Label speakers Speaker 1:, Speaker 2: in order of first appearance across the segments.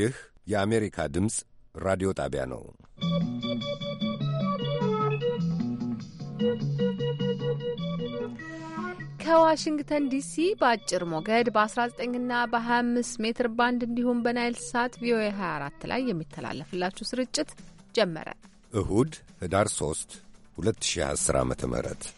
Speaker 1: ይህ የአሜሪካ ድምፅ ራዲዮ ጣቢያ ነው።
Speaker 2: ከዋሽንግተን ዲሲ በአጭር ሞገድ በ19ና በ25 ሜትር ባንድ እንዲሁም በናይል ሳት ቪኦኤ 24 ላይ የሚተላለፍላችሁ ስርጭት ጀመረ።
Speaker 1: እሁድ ህዳር 3 2010 ዓ ም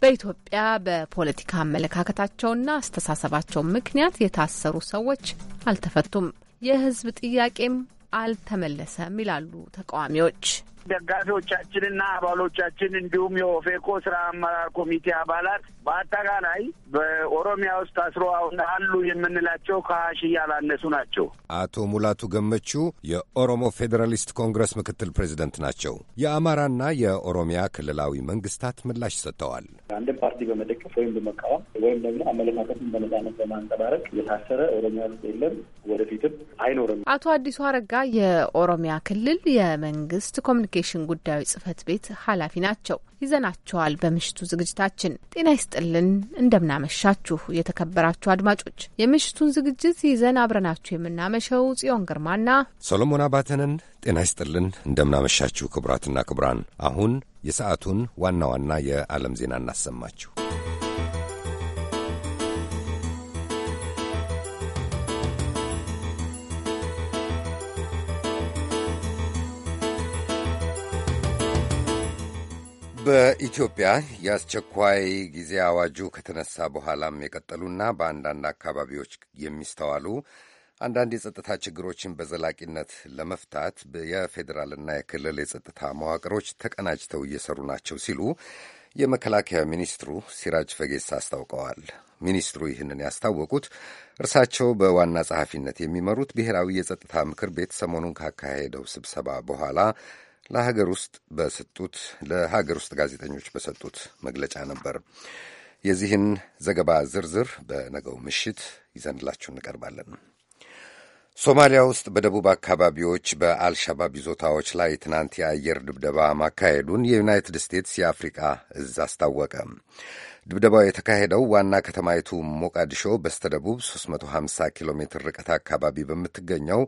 Speaker 2: በኢትዮጵያ በፖለቲካ አመለካከታቸውና አስተሳሰባቸው ምክንያት የታሰሩ ሰዎች አልተፈቱም። የህዝብ ጥያቄም አልተመለሰም ይላሉ ተቃዋሚዎች። ደጋፊዎቻችንና
Speaker 3: አባሎቻችን እንዲሁም የኦፌኮ ስራ አመራር ኮሚቴ አባላት በአጠቃላይ በኦሮሚያ ውስጥ አስሮ አሁን አሉ የምንላቸው ከሀያ ሺህ ያላነሱ ናቸው።
Speaker 1: አቶ ሙላቱ ገመቹ የኦሮሞ ፌዴራሊስት ኮንግረስ ምክትል ፕሬዚደንት ናቸው። የአማራና የኦሮሚያ ክልላዊ መንግስታት ምላሽ ሰጥተዋል።
Speaker 4: አንድን ፓርቲ በመደገፍ ወይም በመቃወም ወይም ደግሞ አመለካከትን በነጻነት በማንጸባረቅ የታሰረ ኦሮሚያ ውስጥ የለም፣ ወደፊትም አይኖርም።
Speaker 2: አቶ አዲሱ አረጋ የኦሮሚያ ክልል የመንግስት ኮሚኒኬሽን ጉዳዮች ጽህፈት ቤት ኃላፊ ናቸው። ይዘናቸዋል። በምሽቱ ዝግጅታችን ጤና ይስጥልን፣ እንደምናመሻችሁ የተከበራችሁ አድማጮች። የምሽቱን ዝግጅት ይዘን አብረናችሁ የምናመሸው ጽዮን ግርማና
Speaker 1: ሰሎሞን አባተንን። ጤና ይስጥልን፣ እንደምናመሻችሁ ክቡራትና ክቡራን። አሁን የሰዓቱን ዋና ዋና የዓለም ዜና እናሰማችሁ። በኢትዮጵያ የአስቸኳይ ጊዜ አዋጁ ከተነሳ በኋላም የቀጠሉና በአንዳንድ አካባቢዎች የሚስተዋሉ አንዳንድ የጸጥታ ችግሮችን በዘላቂነት ለመፍታት የፌዴራልና የክልል የጸጥታ መዋቅሮች ተቀናጅተው እየሰሩ ናቸው ሲሉ የመከላከያ ሚኒስትሩ ሲራጅ ፈጌሳ አስታውቀዋል። ሚኒስትሩ ይህንን ያስታወቁት እርሳቸው በዋና ጸሐፊነት የሚመሩት ብሔራዊ የጸጥታ ምክር ቤት ሰሞኑን ካካሄደው ስብሰባ በኋላ ለሀገር ውስጥ በሰጡት ለሀገር ውስጥ ጋዜጠኞች በሰጡት መግለጫ ነበር። የዚህን ዘገባ ዝርዝር በነገው ምሽት ይዘንላችሁ እንቀርባለን። ሶማሊያ ውስጥ በደቡብ አካባቢዎች በአልሸባብ ይዞታዎች ላይ ትናንት የአየር ድብደባ ማካሄዱን የዩናይትድ ስቴትስ የአፍሪቃ እዝ አስታወቀ። ድብደባው የተካሄደው ዋና ከተማይቱ ሞቃዲሾ በስተደቡብ 350 ኪሎ ሜትር ርቀት አካባቢ በምትገኘው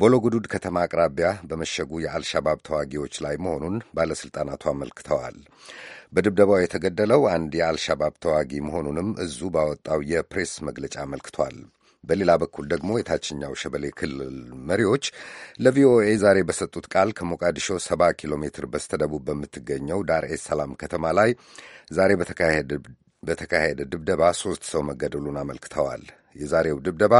Speaker 1: ቦሎጉዱድ ከተማ አቅራቢያ በመሸጉ የአልሻባብ ተዋጊዎች ላይ መሆኑን ባለሥልጣናቱ አመልክተዋል። በድብደባው የተገደለው አንድ የአልሻባብ ተዋጊ መሆኑንም እዙ ባወጣው የፕሬስ መግለጫ አመልክቷል። በሌላ በኩል ደግሞ የታችኛው ሸበሌ ክልል መሪዎች ለቪኦኤ ዛሬ በሰጡት ቃል ከሞቃዲሾ ሰባ ኪሎ ሜትር በስተደቡብ በምትገኘው ዳር ኤስ ሰላም ከተማ ላይ ዛሬ በተካሄደ በተካሄደ ድብደባ ሦስት ሰው መገደሉን አመልክተዋል። የዛሬው ድብደባ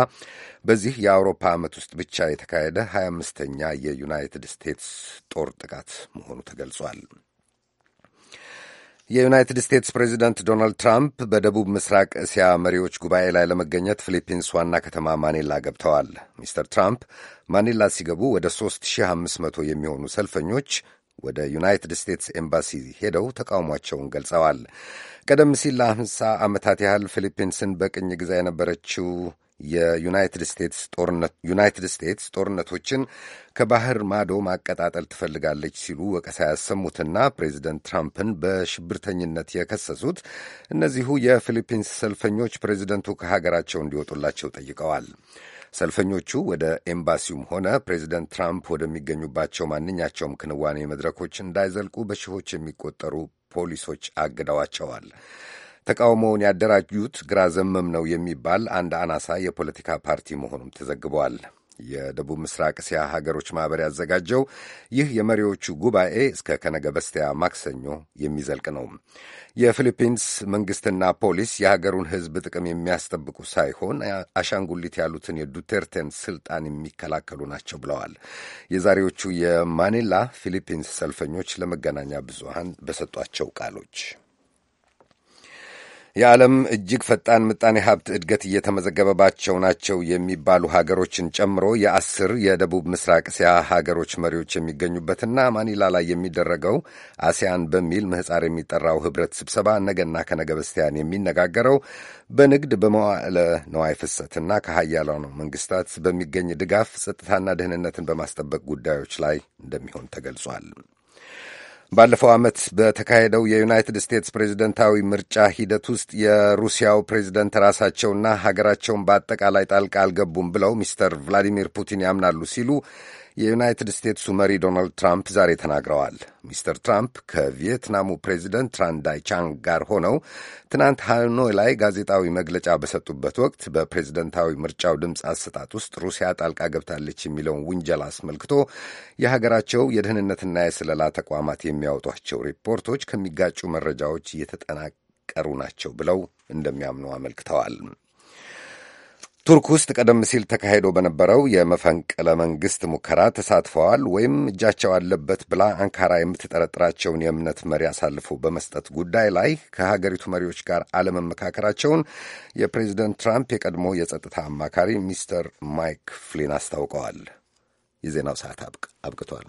Speaker 1: በዚህ የአውሮፓ ዓመት ውስጥ ብቻ የተካሄደ 25ተኛ የዩናይትድ ስቴትስ ጦር ጥቃት መሆኑ ተገልጿል። የዩናይትድ ስቴትስ ፕሬዚደንት ዶናልድ ትራምፕ በደቡብ ምስራቅ እስያ መሪዎች ጉባኤ ላይ ለመገኘት ፊሊፒንስ ዋና ከተማ ማኒላ ገብተዋል። ሚስተር ትራምፕ ማኒላ ሲገቡ ወደ 3500 የሚሆኑ ሰልፈኞች ወደ ዩናይትድ ስቴትስ ኤምባሲ ሄደው ተቃውሟቸውን ገልጸዋል። ቀደም ሲል ለአምሳ ዓመታት ያህል ፊሊፒንስን በቅኝ ግዛ የነበረችው የዩናይትድ ስቴትስ ጦርነት ዩናይትድ ስቴትስ ጦርነቶችን ከባህር ማዶ ማቀጣጠል ትፈልጋለች ሲሉ ወቀሳ ያሰሙትና ፕሬዚደንት ትራምፕን በሽብርተኝነት የከሰሱት እነዚሁ የፊሊፒንስ ሰልፈኞች ፕሬዚደንቱ ከሀገራቸው እንዲወጡላቸው ጠይቀዋል። ሰልፈኞቹ ወደ ኤምባሲውም ሆነ ፕሬዚደንት ትራምፕ ወደሚገኙባቸው ማንኛቸውም ክንዋኔ መድረኮች እንዳይዘልቁ በሺዎች የሚቆጠሩ ፖሊሶች አግደዋቸዋል። ተቃውሞውን ያደራጁት ግራ ዘመም ነው የሚባል አንድ አናሳ የፖለቲካ ፓርቲ መሆኑም ተዘግበዋል። የደቡብ ምስራቅ እስያ ሀገሮች ማህበር ያዘጋጀው ይህ የመሪዎቹ ጉባኤ እስከ ከነገ በስቲያ ማክሰኞ የሚዘልቅ ነው። የፊሊፒንስ መንግስትና ፖሊስ የሀገሩን ሕዝብ ጥቅም የሚያስጠብቁ ሳይሆን አሻንጉሊት ያሉትን የዱቴርቴን ስልጣን የሚከላከሉ ናቸው ብለዋል። የዛሬዎቹ የማኒላ ፊሊፒንስ ሰልፈኞች ለመገናኛ ብዙሃን በሰጧቸው ቃሎች የዓለም እጅግ ፈጣን ምጣኔ ሀብት እድገት እየተመዘገበባቸው ናቸው የሚባሉ ሀገሮችን ጨምሮ የአስር የደቡብ ምስራቅ እስያ ሀገሮች መሪዎች የሚገኙበትና ማኒላ ላይ የሚደረገው አሲያን በሚል ምህፃር የሚጠራው ህብረት ስብሰባ ነገና ከነገ በስቲያን የሚነጋገረው በንግድ በመዋዕለ ነዋይ ፍሰትና ከሀያላኑ መንግስታት በሚገኝ ድጋፍ ጸጥታና ደህንነትን በማስጠበቅ ጉዳዮች ላይ እንደሚሆን ተገልጿል። ባለፈው ዓመት በተካሄደው የዩናይትድ ስቴትስ ፕሬዝደንታዊ ምርጫ ሂደት ውስጥ የሩሲያው ፕሬዝደንት ራሳቸውና ሀገራቸውን በአጠቃላይ ጣልቃ አልገቡም ብለው ሚስተር ቭላዲሚር ፑቲን ያምናሉ ሲሉ የዩናይትድ ስቴትሱ መሪ ዶናልድ ትራምፕ ዛሬ ተናግረዋል። ሚስተር ትራምፕ ከቪየትናሙ ፕሬዚደንት ትራንዳይ ቻንግ ጋር ሆነው ትናንት ሃኖይ ላይ ጋዜጣዊ መግለጫ በሰጡበት ወቅት በፕሬዝደንታዊ ምርጫው ድምፅ አሰጣጥ ውስጥ ሩሲያ ጣልቃ ገብታለች የሚለውን ውንጀላ አስመልክቶ የሀገራቸው የደህንነትና የስለላ ተቋማት የሚያወጧቸው ሪፖርቶች ከሚጋጩ መረጃዎች እየተጠናቀሩ ናቸው ብለው እንደሚያምኑ አመልክተዋል። ቱርክ ውስጥ ቀደም ሲል ተካሂዶ በነበረው የመፈንቅለ መንግሥት ሙከራ ተሳትፈዋል ወይም እጃቸው አለበት ብላ አንካራ የምትጠረጥራቸውን የእምነት መሪ አሳልፎ በመስጠት ጉዳይ ላይ ከሀገሪቱ መሪዎች ጋር አለመመካከራቸውን የፕሬዚደንት ትራምፕ የቀድሞ የጸጥታ አማካሪ ሚስተር ማይክ ፍሊን አስታውቀዋል። የዜናው ሰዓት አብቅቷል።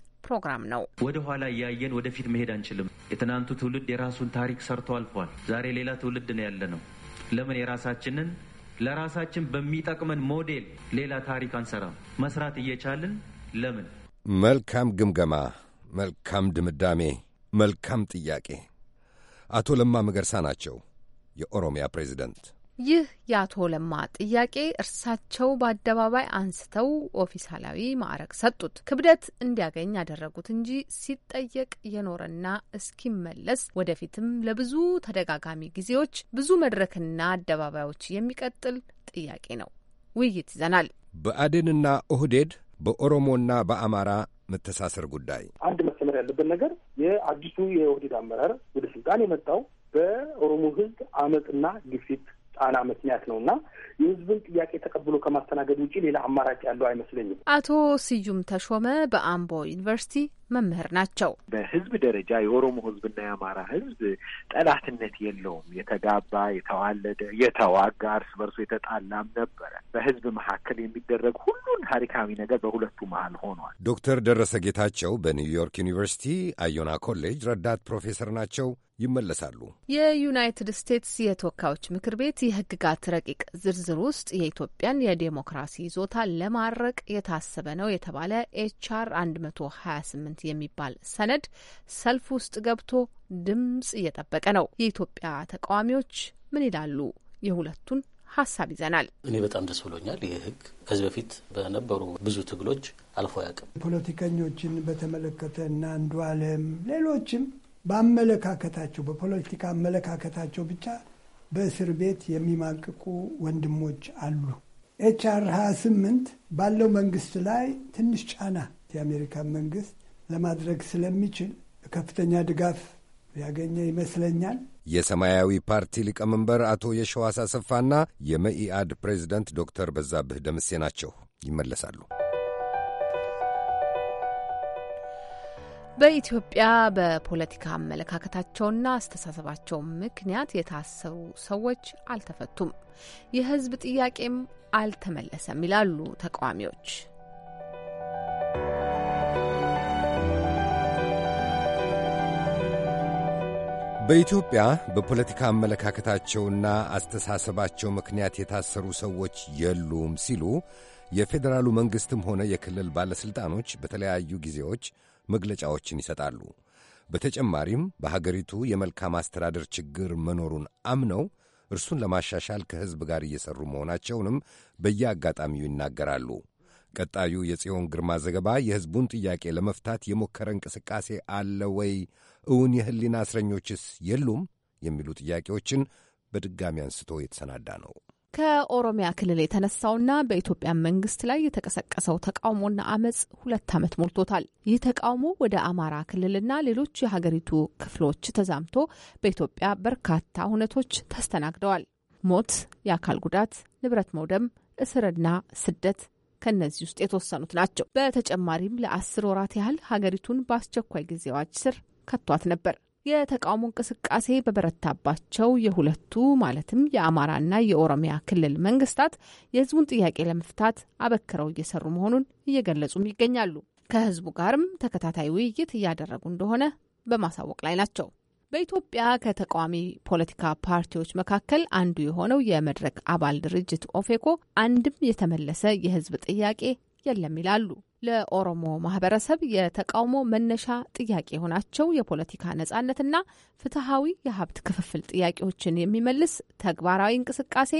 Speaker 2: ፕሮግራም ነው።
Speaker 5: ወደ ኋላ እያየን ወደፊት መሄድ አንችልም። የትናንቱ ትውልድ የራሱን ታሪክ ሰርቶ አልፏል። ዛሬ ሌላ ትውልድ ነው ያለ ነው። ለምን የራሳችንን ለራሳችን በሚጠቅመን ሞዴል ሌላ ታሪክ አንሰራም? መስራት እየቻልን ለምን?
Speaker 1: መልካም ግምገማ፣ መልካም ድምዳሜ፣ መልካም ጥያቄ። አቶ ለማ መገርሳ ናቸው የኦሮሚያ ፕሬዚደንት።
Speaker 2: ይህ የአቶ ለማ ጥያቄ እርሳቸው በአደባባይ አንስተው ኦፊሳላዊ ማዕረግ ሰጡት። ክብደት እንዲያገኝ ያደረጉት እንጂ ሲጠየቅ የኖረና እስኪመለስ ወደፊትም ለብዙ ተደጋጋሚ ጊዜዎች ብዙ መድረክና አደባባዮች የሚቀጥል ጥያቄ ነው። ውይይት ይዘናል።
Speaker 1: በአዴንና ኦህዴድ በኦሮሞና በአማራ መተሳሰር ጉዳይ
Speaker 2: አንድ
Speaker 4: መሰመር ያለበት ነገር የአዲሱ የኦህዴድ አመራር ወደ ስልጣን የመጣው በኦሮሞ ህዝብ አመፅና ግፊት ጫና ምክንያት ነው እና የህዝብን ጥያቄ ተቀብሎ ከማስተናገድ ውጪ
Speaker 6: ሌላ አማራጭ ያለው አይመስለኝም።
Speaker 2: አቶ ስዩም ተሾመ በአምቦ ዩኒቨርሲቲ መምህር ናቸው።
Speaker 6: በህዝብ ደረጃ የኦሮሞ ህዝብና የአማራ ህዝብ ጠላትነት የለውም። የተጋባ የተዋለደ፣ የተዋጋ እርስ በርሶ የተጣላም ነበረ። በህዝብ መካከል የሚደረግ ሁሉን ታሪካዊ ነገር በሁለቱ መሀል ሆኗል።
Speaker 1: ዶክተር ደረሰ ጌታቸው በኒውዮርክ ዩኒቨርሲቲ አዮና ኮሌጅ ረዳት ፕሮፌሰር ናቸው። ይመለሳሉ።
Speaker 2: የዩናይትድ ስቴትስ የተወካዮች ምክር ቤት የህግጋት ረቂቅ ዝርዝር ውስጥ የኢትዮጵያን የዴሞክራሲ ይዞታ ለማድረቅ የታሰበ ነው የተባለ ኤችአር 128 የሚባል ሰነድ ሰልፍ ውስጥ ገብቶ ድምጽ እየጠበቀ ነው። የኢትዮጵያ ተቃዋሚዎች ምን ይላሉ? የሁለቱን ሀሳብ ይዘናል።
Speaker 7: እኔ በጣም ደስ ብሎኛል። ይህ ህግ ከዚህ በፊት በነበሩ ብዙ ትግሎች አልፎ አያውቅም።
Speaker 8: ፖለቲከኞችን በተመለከተ እና አንዱ አለም ሌሎችም በአመለካከታቸው በፖለቲካ አመለካከታቸው ብቻ በእስር ቤት የሚማቅቁ ወንድሞች አሉ። ኤች አር 28 ባለው መንግስት ላይ ትንሽ ጫና የአሜሪካን መንግስት ለማድረግ ስለሚችል ከፍተኛ ድጋፍ ያገኘ ይመስለኛል።
Speaker 1: የሰማያዊ ፓርቲ ሊቀመንበር አቶ የሸዋስ አሰፋና የመኢአድ ፕሬዚደንት ዶክተር በዛብህ ደምሴ ናቸው። ይመለሳሉ።
Speaker 2: በኢትዮጵያ በፖለቲካ አመለካከታቸውና አስተሳሰባቸው ምክንያት የታሰሩ ሰዎች አልተፈቱም፣ የህዝብ ጥያቄም አልተመለሰም ይላሉ ተቃዋሚዎች።
Speaker 1: በኢትዮጵያ በፖለቲካ አመለካከታቸውና አስተሳሰባቸው ምክንያት የታሰሩ ሰዎች የሉም ሲሉ የፌዴራሉ መንግሥትም ሆነ የክልል ባለሥልጣኖች በተለያዩ ጊዜዎች መግለጫዎችን ይሰጣሉ። በተጨማሪም በሀገሪቱ የመልካም አስተዳደር ችግር መኖሩን አምነው እርሱን ለማሻሻል ከሕዝብ ጋር እየሠሩ መሆናቸውንም በየአጋጣሚው ይናገራሉ። ቀጣዩ የጽዮን ግርማ ዘገባ የሕዝቡን ጥያቄ ለመፍታት የሞከረ እንቅስቃሴ አለ ወይ? እውን የሕሊና እስረኞችስ የሉም? የሚሉ ጥያቄዎችን በድጋሚ አንስቶ የተሰናዳ ነው።
Speaker 2: ከኦሮሚያ ክልል የተነሳውና በኢትዮጵያ መንግስት ላይ የተቀሰቀሰው ተቃውሞና አመፅ ሁለት ዓመት ሞልቶታል። ይህ ተቃውሞ ወደ አማራ ክልልና ሌሎች የሀገሪቱ ክፍሎች ተዛምቶ በኢትዮጵያ በርካታ ሁነቶች ተስተናግደዋል። ሞት፣ የአካል ጉዳት፣ ንብረት መውደም፣ እስርና ስደት ከእነዚህ ውስጥ የተወሰኑት ናቸው። በተጨማሪም ለአስር ወራት ያህል ሀገሪቱን በአስቸኳይ ጊዜ አዋጅ ስር ከቷት ነበር። የተቃውሞ እንቅስቃሴ በበረታባቸው የሁለቱ ማለትም የአማራና የኦሮሚያ ክልል መንግስታት የህዝቡን ጥያቄ ለመፍታት አበክረው እየሰሩ መሆኑን እየገለጹም ይገኛሉ። ከህዝቡ ጋርም ተከታታይ ውይይት እያደረጉ እንደሆነ በማሳወቅ ላይ ናቸው። በኢትዮጵያ ከተቃዋሚ ፖለቲካ ፓርቲዎች መካከል አንዱ የሆነው የመድረክ አባል ድርጅት ኦፌኮ አንድም የተመለሰ የህዝብ ጥያቄ የለም ይላሉ። ለኦሮሞ ማህበረሰብ የተቃውሞ መነሻ ጥያቄ የሆናቸው የፖለቲካ ነጻነትና ፍትሐዊ የሀብት ክፍፍል ጥያቄዎችን የሚመልስ ተግባራዊ እንቅስቃሴ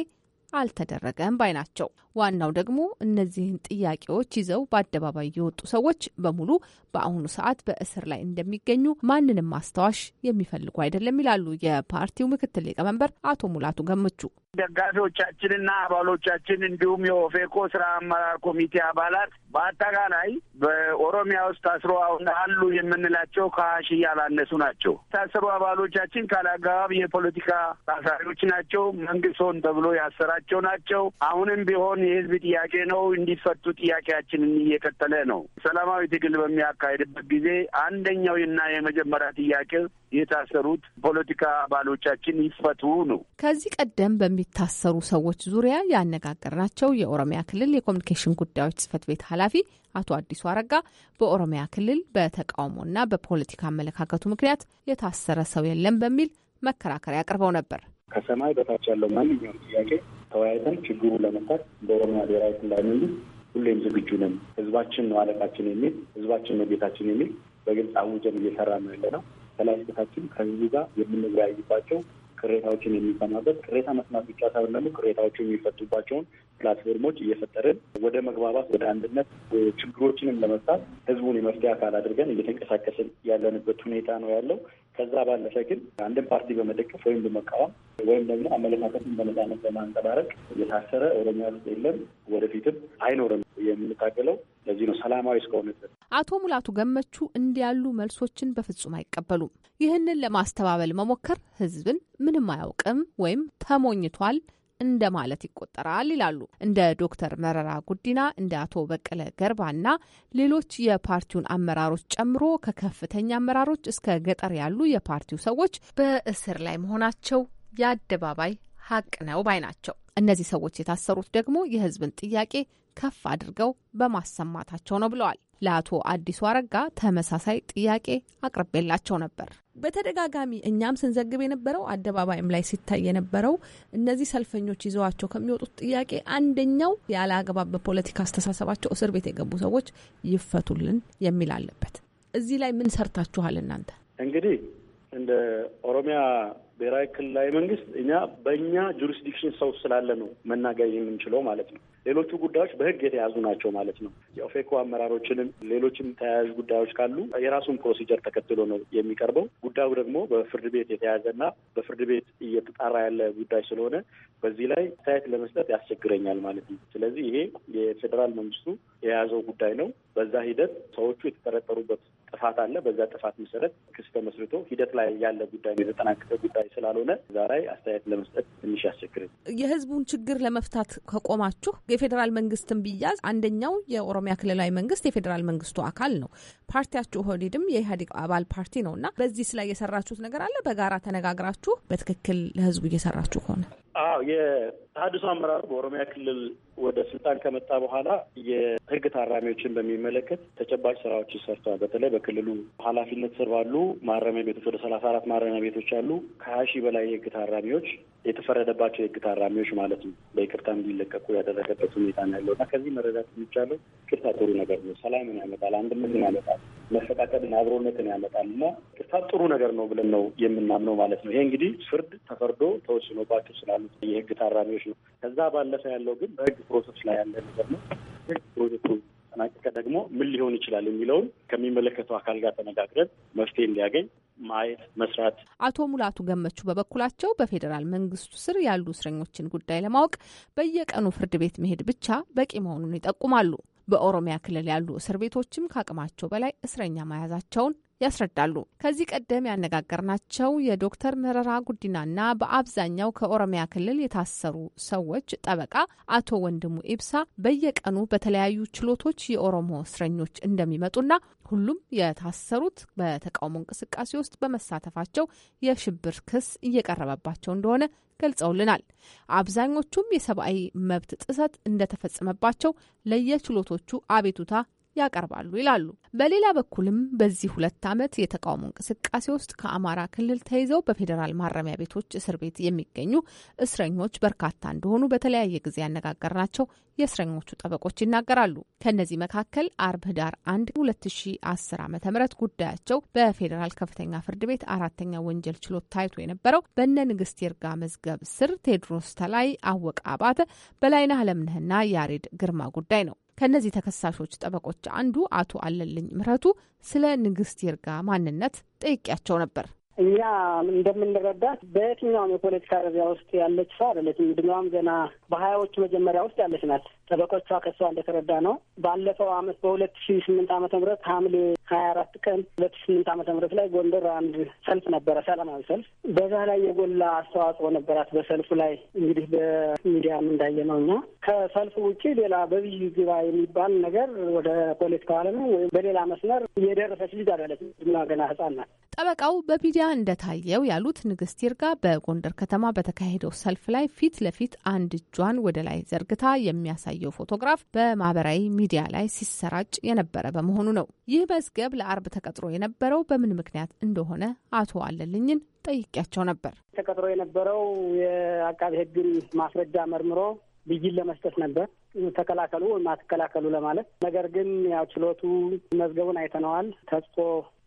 Speaker 2: አልተደረገም ባይ ናቸው። ዋናው ደግሞ እነዚህን ጥያቄዎች ይዘው በአደባባይ የወጡ ሰዎች በሙሉ በአሁኑ ሰዓት በእስር ላይ እንደሚገኙ ማንንም ማስታዋሽ የሚፈልጉ አይደለም ይላሉ የፓርቲው ምክትል ሊቀመንበር አቶ ሙላቱ ገመቹ።
Speaker 3: ደጋፊዎቻችንና አባሎቻችን እንዲሁም የኦፌኮ ስራ አመራር ኮሚቴ አባላት በአጠቃላይ በኦሮሚያ ውስጥ ታስሮ አሁን አሉ የምንላቸው ከሀያ እያላነሱ ያላነሱ ናቸው። የታሰሩ አባሎቻችን ካላግባብ የፖለቲካ ታሳሪዎች ናቸው። መንግስት ሆን ተብሎ ያሰራቸው ናቸው። አሁንም ቢሆን የህዝብ ጥያቄ ነው፣ እንዲፈቱ ጥያቄያችንን እየቀጠለ ነው። ሰላማዊ ትግል በሚያካሄድበት ጊዜ አንደኛውና የመጀመሪያ ጥያቄ የታሰሩት ፖለቲካ አባሎቻችን ይፈቱ ነው።
Speaker 2: ከዚህ ቀደም በሚ በሚታሰሩ ሰዎች ዙሪያ ያነጋገርናቸው የኦሮሚያ ክልል የኮሚኒኬሽን ጉዳዮች ጽህፈት ቤት ኃላፊ አቶ አዲሱ አረጋ በኦሮሚያ ክልል በተቃውሞና በፖለቲካ አመለካከቱ ምክንያት የታሰረ ሰው የለም በሚል መከራከሪያ አቅርበው ነበር።
Speaker 4: ከሰማይ በታች ያለው ማንኛውም ጥያቄ ተወያይተን ችግሩ ለመፍታት በኦሮሚያ ብሔራዊ ክልላዊ መንግስት ሁሌም ዝግጁ ነን። ህዝባችን ነው አለቃችን የሚል ህዝባችን ነው ጌታችን የሚል በግልጽ አውጀን እየሰራ ነው ያለ ነው። ከላይ ስታችን ከህዝቡ ጋር የምንወያይባቸው ቅሬታዎችን የሚሰማበት ቅሬታ መስማት ብቻ ሳይሆን ደግሞ ቅሬታዎቹ የሚፈቱባቸውን ፕላትፎርሞች እየፈጠርን ወደ መግባባት፣ ወደ አንድነት ችግሮችንም ለመፍታት ህዝቡን የመፍትሄ አካል አድርገን እየተንቀሳቀስን ያለንበት ሁኔታ ነው ያለው። ከዛ ባለፈ ግን አንድን ፓርቲ በመደገፍ ወይም በመቃወም ወይም ደግሞ አመለካከትን በነፃነት በማንጸባረቅ የታሰረ ኦሮሚያ ውስጥ የለም፣ ወደፊትም አይኖርም የምንታገለው ለዚህ ነው ሰላማዊ እስከሆነ
Speaker 2: አቶ ሙላቱ ገመቹ እንዲያሉ መልሶችን በፍጹም አይቀበሉም። ይህንን ለማስተባበል መሞከር ህዝብን ምንም አያውቅም ወይም ተሞኝቷል እንደማለት ይቆጠራል ይላሉ። እንደ ዶክተር መረራ ጉዲና እንደ አቶ በቀለ ገርባና ሌሎች የፓርቲውን አመራሮች ጨምሮ ከከፍተኛ አመራሮች እስከ ገጠር ያሉ የፓርቲው ሰዎች በእስር ላይ መሆናቸው የአደባባይ ሀቅ ነው ባይ ናቸው። እነዚህ ሰዎች የታሰሩት ደግሞ የህዝብን ጥያቄ ከፍ አድርገው በማሰማታቸው ነው ብለዋል። ለአቶ አዲሱ አረጋ ተመሳሳይ ጥያቄ አቅርቤላቸው ነበር። በተደጋጋሚ እኛም ስንዘግብ የነበረው አደባባይም ላይ ሲታይ የነበረው እነዚህ ሰልፈኞች ይዘዋቸው ከሚወጡት ጥያቄ አንደኛው ያለ አግባብ በፖለቲካ አስተሳሰባቸው እስር ቤት የገቡ ሰዎች ይፈቱልን የሚል አለበት። እዚህ ላይ ምን ሰርታችኋል እናንተ?
Speaker 4: እንግዲህ እንደ ኦሮሚያ ብሔራዊ ክልላዊ መንግስት እኛ በእኛ ጁሪስዲክሽን ሰው ስላለ ነው መናገር የምንችለው ማለት ነው። ሌሎቹ ጉዳዮች በህግ የተያዙ ናቸው ማለት ነው። የኦፌኮ አመራሮችንም ሌሎችም ተያያዥ ጉዳዮች ካሉ የራሱን ፕሮሲጀር ተከትሎ ነው የሚቀርበው። ጉዳዩ ደግሞ በፍርድ ቤት የተያዘና በፍርድ ቤት እየተጣራ ያለ ጉዳይ ስለሆነ በዚህ ላይ አስተያየት ለመስጠት ያስቸግረኛል ማለት ነው። ስለዚህ ይሄ የፌዴራል መንግስቱ የያዘው ጉዳይ ነው። በዛ ሂደት ሰዎቹ የተጠረጠሩበት ጥፋት አለ። በዛ ጥፋት መሰረት ክስ ተመስርቶ ሂደት ላይ ያለ ጉዳይ የተጠናቀቀ ጉዳይ ስላልሆነ እዛ ላይ አስተያየት
Speaker 3: ለመስጠት ትንሽ ያስቸግራል።
Speaker 2: የህዝቡን ችግር ለመፍታት ከቆማችሁ የፌዴራል መንግስትን ቢያዝ አንደኛው የኦሮሚያ ክልላዊ መንግስት የፌዴራል መንግስቱ አካል ነው። ፓርቲያችሁ ኦህዴድም የኢህአዴግ አባል ፓርቲ ነው እና በዚህ ስላይ የሰራችሁት ነገር አለ። በጋራ ተነጋግራችሁ
Speaker 9: በትክክል ለህዝቡ እየሰራችሁ
Speaker 2: ከሆነ
Speaker 4: አዎ የሀዲሱ አመራር በኦሮሚያ ክልል ወደ ስልጣን ከመጣ በኋላ የህግ ታራሚዎችን በሚመለከት ተጨባጭ ስራዎችን ሰርቷል። በተለይ በክልሉ ኃላፊነት ስር ባሉ ማረሚያ ቤቶች ወደ ሰላሳ አራት ማረሚያ ቤቶች አሉ። ከሀያ ሺህ በላይ የህግ ታራሚዎች የተፈረደባቸው የህግ ታራሚዎች ማለት ነው በይቅርታ እንዲለቀቁ ያደረገበት ሁኔታ ነው ያለው እና ከዚህ መረዳት የሚቻለው ቅርታ ጥሩ ነገር ነው። ሰላምን ያመጣል፣ አንድነትን ያመጣል፣ መፈቃቀድን፣ አብሮነትን ያመጣል እና ቅርታ ጥሩ ነገር ነው ብለን ነው የምናምነው ማለት ነው። ይሄ እንግዲህ ፍርድ ተፈርዶ ተወስኖባቸው ስላለ ያሉት የህግ ታራሚዎች ነው። ከዛ ባለፈ ያለው ግን በህግ ፕሮሰስ ላይ ያለ ነገር ነው። ህግ ፕሮጀክቱ ተጠናቀቀ ደግሞ ምን ሊሆን ይችላል የሚለውን ከሚመለከተው አካል ጋር ተነጋግረን መፍትሄ እንዲያገኝ ማየት መስራት።
Speaker 2: አቶ ሙላቱ ገመቹ በበኩላቸው በፌዴራል መንግስቱ ስር ያሉ እስረኞችን ጉዳይ ለማወቅ በየቀኑ ፍርድ ቤት መሄድ ብቻ በቂ መሆኑን ይጠቁማሉ። በኦሮሚያ ክልል ያሉ እስር ቤቶችም ከአቅማቸው በላይ እስረኛ መያዛቸውን ያስረዳሉ። ከዚህ ቀደም ያነጋገርናቸው የዶክተር መረራ ጉዲናና በአብዛኛው ከኦሮሚያ ክልል የታሰሩ ሰዎች ጠበቃ አቶ ወንድሙ ኢብሳ በየቀኑ በተለያዩ ችሎቶች የኦሮሞ እስረኞች እንደሚመጡና ሁሉም የታሰሩት በተቃውሞ እንቅስቃሴ ውስጥ በመሳተፋቸው የሽብር ክስ እየቀረበባቸው እንደሆነ ገልጸውልናል። አብዛኞቹም የሰብአዊ መብት ጥሰት እንደተፈጸመባቸው ለየችሎቶቹ አቤቱታ ያቀርባሉ ይላሉ። በሌላ በኩልም በዚህ ሁለት ዓመት የተቃውሞ እንቅስቃሴ ውስጥ ከአማራ ክልል ተይዘው በፌዴራል ማረሚያ ቤቶች እስር ቤት የሚገኙ እስረኞች በርካታ እንደሆኑ በተለያየ ጊዜ ያነጋገርናቸው የእስረኞቹ ጠበቆች ይናገራሉ። ከእነዚህ መካከል አርብ ህዳር 1 2010 ዓ ም ጉዳያቸው በፌዴራል ከፍተኛ ፍርድ ቤት አራተኛ ወንጀል ችሎት ታይቶ የነበረው በነ ንግስት የርጋ መዝገብ ስር ቴድሮስ ተላይ፣ አወቀ አባተ፣ በላይነህ አለምነህና ያሬድ ግርማ ጉዳይ ነው። ከእነዚህ ተከሳሾች ጠበቆች አንዱ አቶ አለልኝ ምረቱ ስለ ንግስት ይርጋ ማንነት ጠይቄያቸው ነበር።
Speaker 10: እኛ እንደምንረዳት በየትኛውም የፖለቲካ ረቢያ ውስጥ ያለች ሰው አይደለችም። እድሜዋም ገና በሀያዎቹ መጀመሪያ ውስጥ ያለች ናት። ጠበቆቿ ከሷ እንደተረዳ ነው ባለፈው አመት በሁለት ሺ ስምንት አመተ ምህረት ሐምሌ ሀያ አራት ቀን ሁለት ሺ ስምንት አመተ ምህረት ላይ ጎንደር አንድ ሰልፍ ነበረ፣ ሰላማዊ ሰልፍ። በዛ ላይ የጎላ አስተዋጽኦ ነበራት። በሰልፉ ላይ እንግዲህ በሚዲያም እንዳየ ነው እኛ ከሰልፉ ውጪ ሌላ በብይ ግባ የሚባል ነገር ወደ ፖለቲካ ዓለም ወይም በሌላ መስመር የደረሰች ልጅ አዳለት ድማ ገና ህጻን ናት።
Speaker 2: ጠበቃው በሚዲያ እንደታየው ያሉት ንግስት ይርጋ በጎንደር ከተማ በተካሄደው ሰልፍ ላይ ፊት ለፊት አንድ እጇን ወደ ላይ ዘርግታ የሚያሳይ ያሳየው ፎቶግራፍ በማህበራዊ ሚዲያ ላይ ሲሰራጭ የነበረ በመሆኑ ነው። ይህ መዝገብ ለአርብ ተቀጥሮ የነበረው በምን ምክንያት እንደሆነ አቶ አለልኝን ጠይቄያቸው ነበር።
Speaker 10: ተቀጥሮ የነበረው የአቃቤ ሕግን ማስረጃ መርምሮ ብይን ለመስጠት ነበር። ተከላከሉ ወይም አትከላከሉ ለማለት ነገር ግን ያው ችሎቱ መዝገቡን አይተነዋል ተጽፎ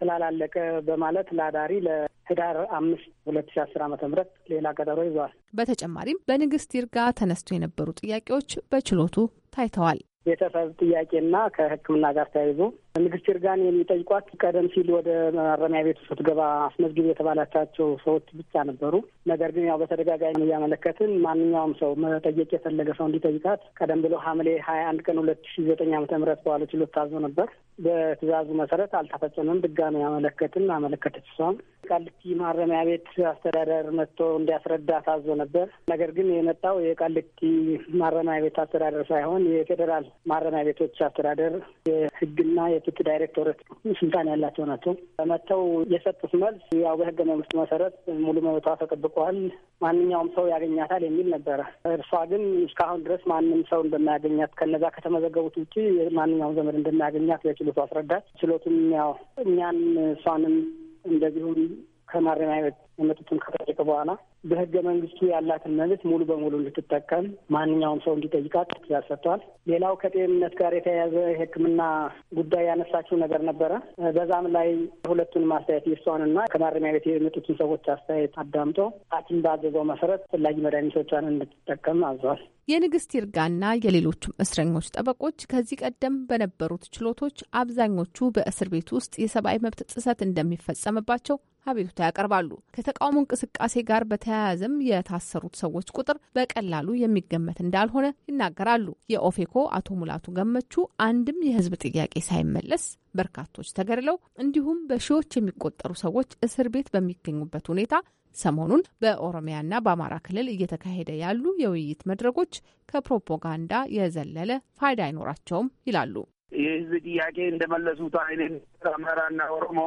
Speaker 10: ስላላለቀ በማለት ለአዳሪ ለህዳር አምስት ሁለት ሺ አስር አመተ ምህረት ሌላ ቀጠሮ ይዘዋል።
Speaker 2: በተጨማሪም በንግስት ይርጋ ተነስቶ የነበሩ ጥያቄዎች በችሎቱ ታይተዋል።
Speaker 10: ቤተሰብ ጥያቄና ከህክምና ጋር ተያይዞ ንግስት ይርጋን የሚጠይቋት ቀደም ሲል ወደ ማረሚያ ቤቱ ስትገባ አስመዝግብ የተባላቻቸው ሰዎች ብቻ ነበሩ። ነገር ግን ያው በተደጋጋሚ እያመለከትን ማንኛውም ሰው መጠየቅ የፈለገ ሰው እንዲጠይቃት ቀደም ብሎ ሐምሌ ሀያ አንድ ቀን ሁለት ሺ ዘጠኝ ዓመተ ምህረት በኋላ ችሎት ታዞ ነበር። በትእዛዙ መሰረት አልተፈጸመም። ድጋሚ ያመለከትን አመለከተች። እሷም ቃሊቲ ማረሚያ ቤት አስተዳደር መጥቶ እንዲያስረዳ ታዞ ነበር። ነገር ግን የመጣው የቃሊቲ ማረሚያ ቤት አስተዳደር ሳይሆን የፌዴራል ማረሚያ ቤቶች አስተዳደር የህግና የድርጅቱ ዳይሬክቶሬት ስልጣን ያላቸው ናቸው። መጥተው የሰጡት መልስ ያው በህገ መንግስት መሰረት ሙሉ መብቷ ተጠብቋል፣ ማንኛውም ሰው ያገኛታል የሚል ነበረ። እርሷ ግን እስካሁን ድረስ ማንም ሰው እንደማያገኛት ከነዛ ከተመዘገቡት ውጭ ማንኛውም ዘመድ እንደማያገኛት ለችሎቱ አስረዳች። ችሎቱም ያው እኛን እሷንም እንደዚሁም ከማረሚያ ቤት የመጡትን ከጠየቀ በኋላ በህገ መንግስቱ ያላትን መብት ሙሉ በሙሉ እንድትጠቀም ማንኛውም ሰው እንዲጠይቃት ትእዛዝ ሰጥቷል። ሌላው ከጤንነት ጋር የተያያዘ የሕክምና ጉዳይ ያነሳችው ነገር ነበረ። በዛም ላይ ሁለቱንም አስተያየት የእሷንና ከማረሚያ ቤት የመጡትን ሰዎች አስተያየት አዳምጦ ሐኪም ባዘዘው መሰረት ፈላጊ መድኃኒቶቿን እንድትጠቀም አዟል።
Speaker 2: የንግስት ይርጋና የሌሎቹም እስረኞች ጠበቆች ከዚህ ቀደም በነበሩት ችሎቶች አብዛኞቹ በእስር ቤት ውስጥ የሰብአዊ መብት ጥሰት እንደሚፈጸምባቸው አቤቱታ ያቀርባሉ። ከተቃውሞ እንቅስቃሴ ጋር በተያያዘም የታሰሩት ሰዎች ቁጥር በቀላሉ የሚገመት እንዳልሆነ ይናገራሉ። የኦፌኮ አቶ ሙላቱ ገመቹ አንድም የህዝብ ጥያቄ ሳይመለስ በርካቶች ተገድለው እንዲሁም በሺዎች የሚቆጠሩ ሰዎች እስር ቤት በሚገኙበት ሁኔታ ሰሞኑን በኦሮሚያና በአማራ ክልል እየተካሄደ ያሉ የውይይት መድረኮች ከፕሮፓጋንዳ የዘለለ ፋይዳ አይኖራቸውም ይላሉ።
Speaker 3: የህዝብ ጥያቄ እንደመለሱት አይነት አማራና ኦሮሞ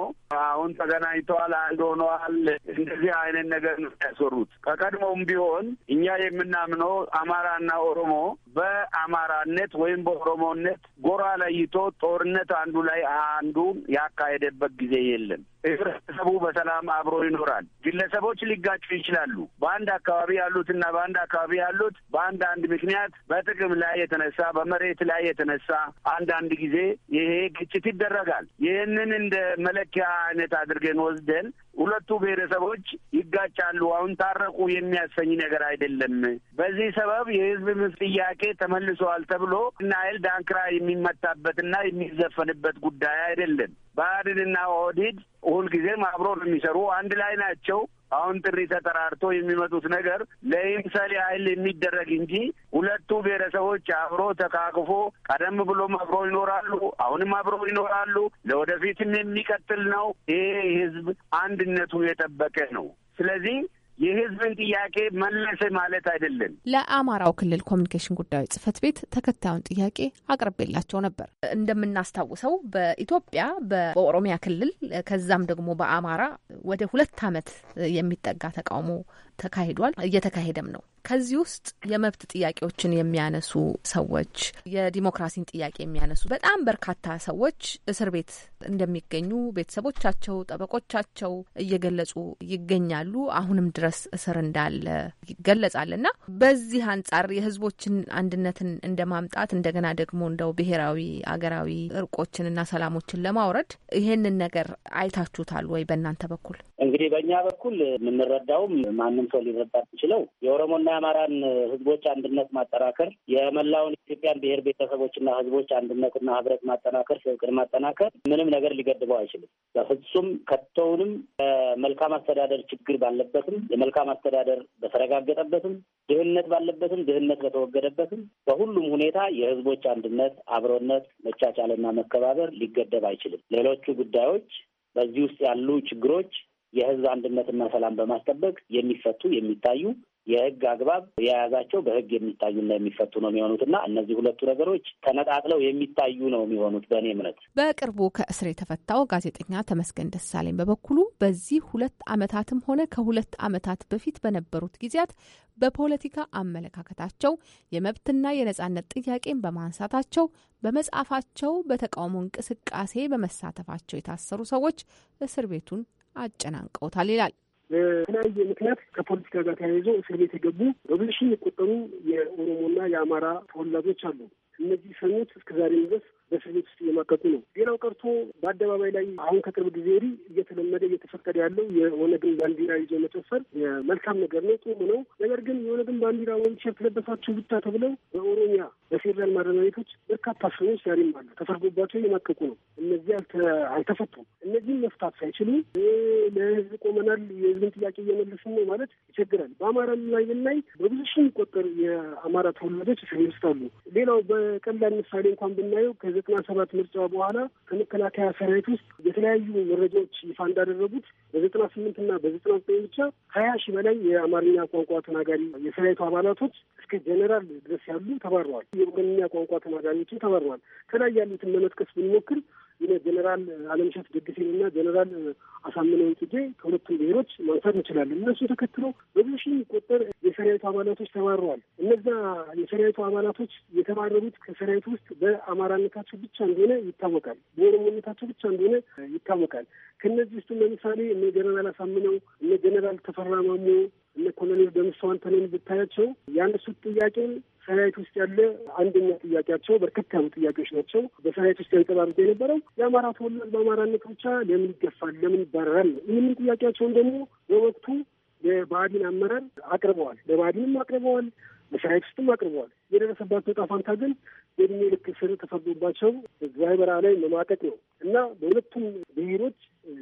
Speaker 3: አሁን ተገናኝተዋል፣ አንድ ሆነዋል። እንደዚህ አይነት ነገር ነው ያሰሩት። ከቀድሞውም ቢሆን እኛ የምናምነው አማራና ኦሮሞ በአማራነት ወይም በኦሮሞነት ጎራ ለይቶ ጦርነት አንዱ ላይ አንዱን ያካሄደበት ጊዜ የለም። ህብረተሰቡ በሰላም አብሮ ይኖራል። ግለሰቦች ሊጋጩ ይችላሉ። በአንድ አካባቢ ያሉት እና በአንድ አካባቢ ያሉት በአንዳንድ ምክንያት በጥቅም ላይ የተነሳ በመሬት ላይ የተነሳ አንዳንድ ጊዜ ይሄ ግጭት ይደረጋል። ይህ ይህንን እንደ መለኪያ አይነት አድርገን ወስደን ሁለቱ ብሔረሰቦች ይጋጫሉ፣ አሁን ታረቁ የሚያሰኝ ነገር አይደለም። በዚህ ሰበብ የህዝብ ምስ ጥያቄ ተመልሰዋል ተብሎ ናይል ዳንክራ የሚመታበትና የሚዘፈንበት ጉዳይ አይደለም። ብአዴንና ኦህዴድ ሁልጊዜም አብሮ ነው የሚሰሩ፣ አንድ ላይ ናቸው። አሁን ጥሪ ተጠራርቶ የሚመጡት ነገር ለይምሰል ያህል የሚደረግ እንጂ ሁለቱ ብሔረሰቦች አብሮ ተካቅፎ ቀደም ብሎም አብሮ ይኖራሉ፣ አሁንም አብሮ ይኖራሉ። ለወደፊትም የሚቀጥል ነው። ይሄ ህዝብ አንድነቱ የጠበቀ ነው። ስለዚህ የህዝብን ጥያቄ መለሰ ማለት አይደለም።
Speaker 2: ለአማራው ክልል ኮሚኒኬሽን ጉዳዮች ጽህፈት ቤት ተከታዩን ጥያቄ አቅርቤላቸው ነበር። እንደምናስታውሰው በኢትዮጵያ በኦሮሚያ ክልል ከዛም ደግሞ በአማራ ወደ ሁለት ዓመት የሚጠጋ ተቃውሞ ተካሂዷል፣ እየተካሄደም ነው። ከዚህ ውስጥ የመብት ጥያቄዎችን የሚያነሱ ሰዎች፣ የዲሞክራሲን ጥያቄ የሚያነሱ በጣም በርካታ ሰዎች እስር ቤት እንደሚገኙ ቤተሰቦቻቸው፣ ጠበቆቻቸው እየገለጹ ይገኛሉ። አሁንም ድረስ እስር እንዳለ ይገለጻል እና በዚህ አንጻር የህዝቦችን አንድነትን እንደ ማምጣት እንደገና ደግሞ እንደው ብሔራዊ አገራዊ እርቆችንና ሰላሞችን ለማውረድ ይሄንን ነገር አይታችሁታል ወይ? በእናንተ በኩል
Speaker 10: እንግዲህ በእኛ በኩል የምንረዳውም ማንም ሰው ሊረዳ የሚችለው የኦሮሞና የአማራን ህዝቦች አንድነት ማጠናከር፣ የመላውን ኢትዮጵያን ብሔር ቤተሰቦችና ህዝቦች አንድነትና ህብረት ማጠናከር፣ ፍቅር ማጠናከር ምንም ነገር ሊገድበው አይችልም። በፍጹም ከተውንም መልካም አስተዳደር ችግር ባለበትም የመልካም አስተዳደር በተረጋገጠበትም ድህነት ባለበትም ድህነት በተወገደበትም በሁሉም ሁኔታ የህዝቦች አንድነት፣ አብሮነት፣ መቻቻልና መከባበር ሊገደብ አይችልም። ሌሎቹ ጉዳዮች በዚህ ውስጥ ያሉ ችግሮች የህዝብ አንድነትና ሰላም በማስጠበቅ የሚፈቱ የሚታዩ የህግ አግባብ የያዛቸው በህግ የሚታዩና የሚፈቱ ነው የሚሆኑት እና እነዚህ ሁለቱ ነገሮች ተነጣጥለው የሚታዩ ነው የሚሆኑት በእኔ እምነት።
Speaker 2: በቅርቡ ከእስር የተፈታው ጋዜጠኛ ተመስገን ደሳለኝ በበኩሉ በዚህ ሁለት ዓመታትም ሆነ ከሁለት ዓመታት በፊት በነበሩት ጊዜያት በፖለቲካ አመለካከታቸው የመብትና የነጻነት ጥያቄን በማንሳታቸው በመጻፋቸው፣ በተቃውሞ እንቅስቃሴ በመሳተፋቸው የታሰሩ ሰዎች እስር ቤቱን አጨናንቀውታል ይላል።
Speaker 11: በተለያየ ምክንያት ከፖለቲካ ጋር ተያይዞ እስር ቤት የገቡ በብዙ ሺህ የሚቆጠሩ የኦሮሞና የአማራ ተወላጆች አሉ። እነዚህ ሰኞች እስከ ዛሬ ድረስ በእስር ውስጥ እየማቀቁ ነው። ሌላው ቀርቶ በአደባባይ ላይ አሁን ከቅርብ ጊዜ ወዲህ እየተለመደ እየተፈቀደ ያለው የኦነግን ባንዲራ ይዞ መጨፈር መልካም ነገር ነው፣ ጥሩ ነው። ነገር ግን የኦነግን ባንዲራ ወንሸርት ለበሳችሁ ብቻ ተብለው በኦሮሚያ በፌዴራል ማረሚያ ቤቶች በርካታ እስረኞች ዛሬም አለ ተፈርዶባቸው እየማቀቁ ነው። እነዚህ አልተፈቱም። እነዚህም መፍታት ሳይችሉ ለህዝብ ቆመናል፣ የህዝብን ጥያቄ እየመለስን ነው ማለት ይቸግራል። በአማራ ላይ ብናይ በብዙ ሺህ የሚቆጠሩ የአማራ ተወላጆች እስር ውስጥ አሉ። ሌላው በቀላል ምሳሌ እንኳን ብናየው ከዘጠና ሰባት ምርጫ በኋላ ከመከላከያ ሰራዊት ውስጥ የተለያዩ መረጃዎች ይፋ እንዳደረጉት በዘጠና ስምንት እና በዘጠና ዘጠኝ ብቻ ሀያ ሺህ በላይ የአማርኛ ቋንቋ ተናጋሪ የሰራዊቱ አባላቶች እስከ ጀኔራል ድረስ ያሉ ተባረዋል። የኦሮምኛ ቋንቋ ተናጋሪዎችም ተባረዋል። ከላይ ያሉትን ለመጥቀስ ብንሞክር እኔ ጀኔራል አለምሸት ደግሴን እና ጀኔራል አሳምነው ጽጌ ከሁለቱም ብሔሮች ማንሳት እንችላለን። እነሱ ተከትሎ በብዙ ሺህ የሚቆጠር የሰራዊቱ አባላቶች ተባረዋል። እነዛ የሰራዊቱ አባላቶች የተባረሩት ከሰራዊቱ ውስጥ በአማራነታቸው ብቻ እንደሆነ ይታወቃል። በኦሮሞነታቸው ብቻ እንደሆነ ይታወቃል። ከእነዚህ ውስጥም ለምሳሌ እነ ጀነራል አሳምነው እነ ጀነራል ተፈራ ማሞ እነ ኮሎኔል ደምሶ አንተነን ብታያቸው ያነሱት ጥያቄም ሰራዊት ውስጥ ያለ አንደኛ ጥያቄያቸው በርከት ያሉ ጥያቄዎች ናቸው። በሰራዊት ውስጥ ያንጸባርቆ የነበረው የአማራ ተወላጅ በአማራነት ብቻ ለምን ይገፋል? ለምን ይባረራል? ይህንን ጥያቄያቸውን ደግሞ በወቅቱ የባህዲን አመራር አቅርበዋል። ለባህዲንም አቅርበዋል በሰራዊት አቅርበዋል። የደረሰባቸው ዕጣ ፈንታ ግን የእድሜ ልክ እስር ተፈርዶባቸው እዚያ በራ ላይ መማቀቅ ነው እና በሁለቱም ብሔሮች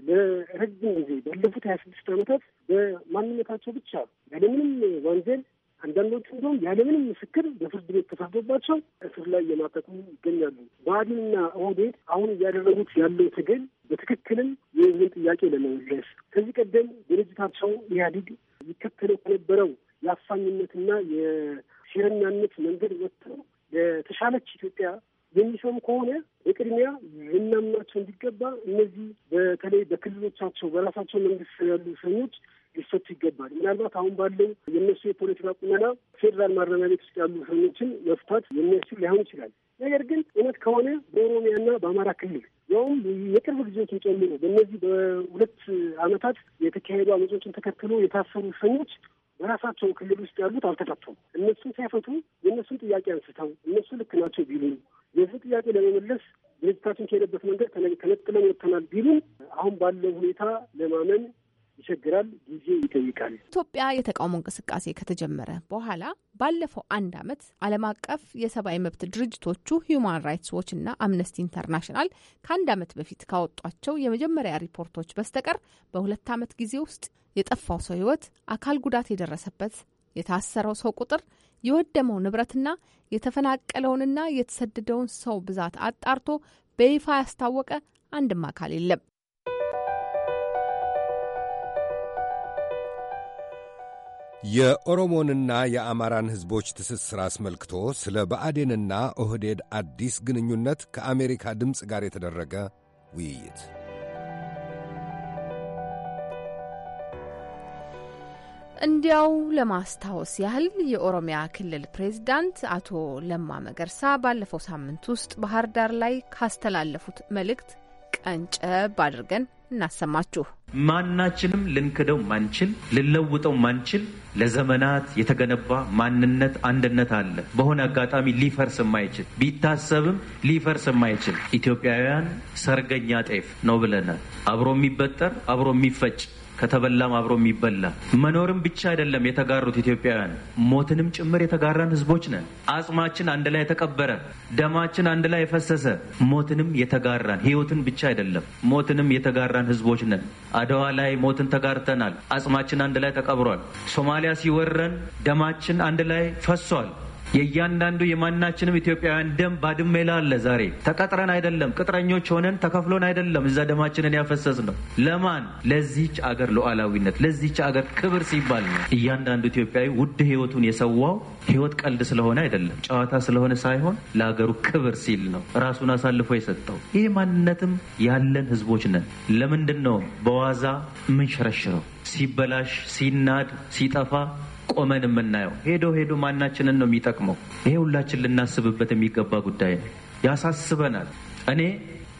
Speaker 11: ለረጅም ጊዜ ባለፉት ሀያ ስድስት ዓመታት በማንነታቸው ብቻ ያለምንም ወንጀል አንዳንዶቹ እንደውም ያለምንም ምስክር በፍርድ ቤት ተፈርዶባቸው እስር ላይ እየማቀቁ ይገኛሉ። ብአዴንና ኦህዴድ አሁን እያደረጉት ያለው ትግል በትክክልም የህዝብን ጥያቄ ለመመለስ ከዚህ ቀደም ድርጅታቸው ኢህአዲግ ይከተለው ከነበረው የአፋኝነትና የሴረኛነት መንገድ ወጥተው ለተሻለች ኢትዮጵያ የሚሰሙ ከሆነ በቅድሚያ ልናምናቸው እንዲገባ እነዚህ በተለይ በክልሎቻቸው በራሳቸው መንግስት ያሉ እስረኞች ሊፈቱ ይገባል። ምናልባት አሁን ባለው የእነሱ የፖለቲካ ቁመና ፌዴራል ማረሚያ ቤት ውስጥ ያሉ እስረኞችን መፍታት የሚያስችል ላይሆን ይችላል። ነገር ግን እውነት ከሆነ በኦሮሚያና በአማራ ክልል ያውም የቅርብ ጊዜዎችን ጨምሮ በእነዚህ በሁለት ዓመታት የተካሄዱ አመጾችን ተከትሎ የታሰሩ ሰኞች በራሳቸው ክልል ውስጥ ያሉት አልተፈቱም። እነሱን ሳይፈቱ የእነሱን ጥያቄ አንስተው እነሱ ልክ ናቸው ቢሉም የዚህ ጥያቄ ለመመለስ ድርጅታችን ከሄደበት መንገድ ተነጥለን ወጥተናል ቢሉም አሁን ባለው ሁኔታ ለማመን ይቸግራል፣ ጊዜ ይጠይቃል።
Speaker 2: ኢትዮጵያ የተቃውሞ እንቅስቃሴ ከተጀመረ በኋላ ባለፈው አንድ ዓመት ዓለም አቀፍ የሰብአዊ መብት ድርጅቶቹ ሂዩማን ራይትስ ዎች እና አምነስቲ ኢንተርናሽናል ከአንድ ዓመት በፊት ካወጧቸው የመጀመሪያ ሪፖርቶች በስተቀር በሁለት ዓመት ጊዜ ውስጥ የጠፋው ሰው ህይወት አካል ጉዳት የደረሰበት የታሰረው ሰው ቁጥር የወደመው ንብረትና የተፈናቀለውንና የተሰደደውን ሰው ብዛት አጣርቶ በይፋ ያስታወቀ አንድም አካል የለም።
Speaker 1: የኦሮሞንና የአማራን ሕዝቦች ትስስር አስመልክቶ ስለ ብአዴንና ኦህዴድ አዲስ ግንኙነት ከአሜሪካ ድምፅ ጋር የተደረገ ውይይት
Speaker 2: እንዲያው ለማስታወስ ያህል የኦሮሚያ ክልል ፕሬዝዳንት አቶ ለማ መገርሳ ባለፈው ሳምንት ውስጥ ባህር ዳር ላይ ካስተላለፉት መልእክት ቀንጨብ አድርገን እናሰማችሁ።
Speaker 5: ማናችንም ልንክደው ማንችል ልለውጠው ማንችል ለዘመናት የተገነባ ማንነት አንድነት አለ። በሆነ አጋጣሚ ሊፈርስ የማይችል ቢታሰብም ሊፈርስ የማይችል ኢትዮጵያውያን ሰርገኛ ጤፍ ነው ብለናል። አብሮ የሚበጠር አብሮ የሚፈጭ ከተበላም አብሮ የሚበላ መኖርም ብቻ አይደለም የተጋሩት ኢትዮጵያውያን፣ ሞትንም ጭምር የተጋራን ህዝቦች ነን። አጽማችን አንድ ላይ የተቀበረ፣ ደማችን አንድ ላይ የፈሰሰ፣ ሞትንም የተጋራን ህይወትን ብቻ አይደለም ሞትንም የተጋራን ህዝቦች ነን። አድዋ ላይ ሞትን ተጋርተናል። አጽማችን አንድ ላይ ተቀብሯል። ሶማሊያ ሲወረን ደማችን አንድ ላይ ፈሷል። የእያንዳንዱ የማናችንም ኢትዮጵያውያን ደም ባድሜ አለ ዛሬ ተቀጥረን አይደለም፣ ቅጥረኞች ሆነን ተከፍሎን አይደለም። እዛ ደማችንን ያፈሰስ ነው። ለማን? ለዚች አገር ሉዓላዊነት፣ ለዚች አገር ክብር ሲባል ነው። እያንዳንዱ ኢትዮጵያዊ ውድ ህይወቱን የሰዋው ህይወት ቀልድ ስለሆነ አይደለም፣ ጨዋታ ስለሆነ ሳይሆን ለሀገሩ ክብር ሲል ነው ራሱን አሳልፎ የሰጠው። ይህ ማንነትም ያለን ህዝቦች ነን። ለምንድን ነው በዋዛ ምንሸረሽረው? ሲበላሽ፣ ሲናድ፣ ሲጠፋ ቆመን የምናየው ሄዶ ሄዶ ማናችንን ነው የሚጠቅመው? ይሄ ሁላችን ልናስብበት የሚገባ ጉዳይ ነው። ያሳስበናል። እኔ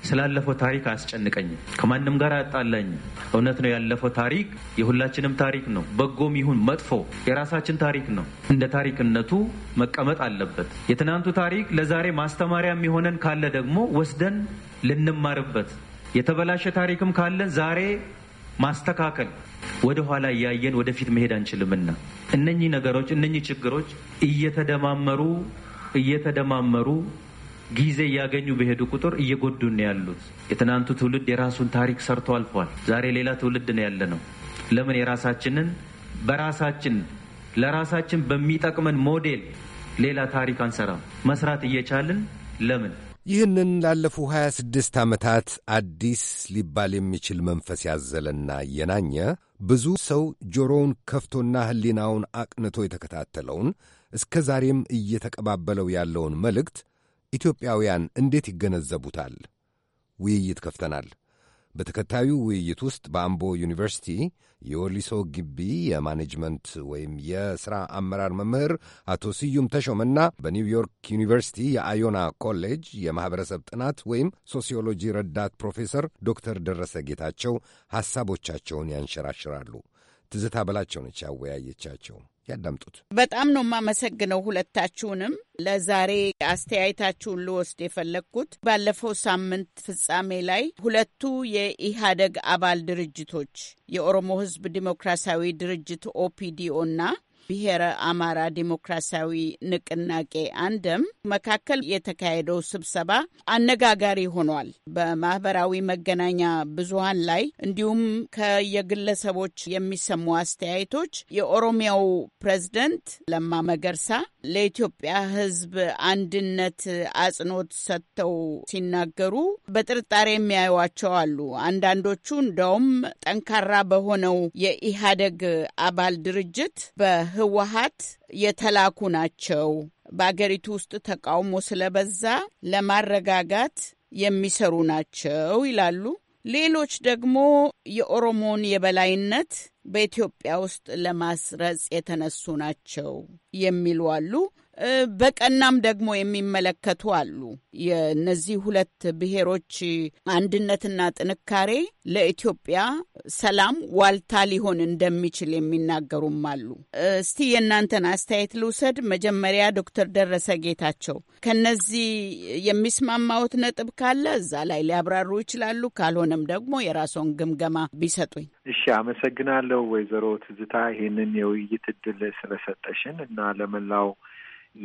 Speaker 5: ስላለፈው ታሪክ አያስጨንቀኝም። ከማንም ጋር አያጣላኝም። እውነት ነው፣ ያለፈው ታሪክ የሁላችንም ታሪክ ነው። በጎም ይሁን መጥፎ የራሳችን ታሪክ ነው። እንደ ታሪክነቱ መቀመጥ አለበት። የትናንቱ ታሪክ ለዛሬ ማስተማሪያ የሚሆነን ካለ ደግሞ ወስደን ልንማርበት፣ የተበላሸ ታሪክም ካለ ዛሬ ማስተካከል ወደ ኋላ እያየን ወደፊት መሄድ አንችልምና እነኚህ ነገሮች እነኚህ ችግሮች እየተደማመሩ እየተደማመሩ ጊዜ እያገኙ በሄዱ ቁጥር እየጎዱን ያሉት። የትናንቱ ትውልድ የራሱን ታሪክ ሰርቶ አልፏል። ዛሬ ሌላ ትውልድ ነው ያለ ነው። ለምን የራሳችንን በራሳችን ለራሳችን በሚጠቅመን ሞዴል ሌላ ታሪክ አንሰራም? መስራት እየቻልን ለምን
Speaker 1: ይህንን ላለፉ 26 ዓመታት አዲስ ሊባል የሚችል መንፈስ ያዘለና የናኘ ብዙ ሰው ጆሮውን ከፍቶና ሕሊናውን አቅንቶ የተከታተለውን እስከ ዛሬም እየተቀባበለው ያለውን መልእክት ኢትዮጵያውያን እንዴት ይገነዘቡታል? ውይይት ከፍተናል። በተከታዩ ውይይት ውስጥ በአምቦ ዩኒቨርሲቲ የወሊሶ ግቢ የማኔጅመንት ወይም የሥራ አመራር መምህር አቶ ስዩም ተሾመና በኒውዮርክ ዩኒቨርሲቲ የአዮና ኮሌጅ የማኅበረሰብ ጥናት ወይም ሶሲዮሎጂ ረዳት ፕሮፌሰር ዶክተር ደረሰ ጌታቸው ሐሳቦቻቸውን ያንሸራሽራሉ። ትዝታ በላቸው ነች ያወያየቻቸው። ያዳምጡት።
Speaker 9: በጣም ነው የማመሰግነው ሁለታችሁንም። ለዛሬ አስተያየታችሁን ልወስድ የፈለግኩት ባለፈው ሳምንት ፍጻሜ ላይ ሁለቱ የኢህአደግ አባል ድርጅቶች የኦሮሞ ህዝብ ዲሞክራሲያዊ ድርጅት ኦፒዲኦ እና ብሔረ አማራ ዲሞክራሲያዊ ንቅናቄ አንድም መካከል የተካሄደው ስብሰባ አነጋጋሪ ሆኗል። በማህበራዊ መገናኛ ብዙሃን ላይ እንዲሁም ከየግለሰቦች የሚሰሙ አስተያየቶች የኦሮሚያው ፕሬዝደንት ለማ መገርሳ ለኢትዮጵያ ሕዝብ አንድነት አጽንኦት ሰጥተው ሲናገሩ በጥርጣሬ የሚያዩዋቸው አሉ። አንዳንዶቹ እንደውም ጠንካራ በሆነው የኢህአደግ አባል ድርጅት በ ህወሀት የተላኩ ናቸው። በአገሪቱ ውስጥ ተቃውሞ ስለበዛ ለማረጋጋት የሚሰሩ ናቸው ይላሉ። ሌሎች ደግሞ የኦሮሞን የበላይነት በኢትዮጵያ ውስጥ ለማስረጽ የተነሱ ናቸው የሚሉ አሉ። በቀናም ደግሞ የሚመለከቱ አሉ። የእነዚህ ሁለት ብሔሮች አንድነትና ጥንካሬ ለኢትዮጵያ ሰላም ዋልታ ሊሆን እንደሚችል የሚናገሩም አሉ። እስቲ የእናንተን አስተያየት ልውሰድ። መጀመሪያ ዶክተር ደረሰ ጌታቸው ከነዚህ የሚስማማዎት ነጥብ ካለ እዛ ላይ ሊያብራሩ ይችላሉ። ካልሆነም ደግሞ የራስዎን ግምገማ ቢሰጡኝ።
Speaker 6: እሺ፣ አመሰግናለሁ ወይዘሮ ትዝታ ይህንን የውይይት እድል ስለሰጠሽን እና ለመላው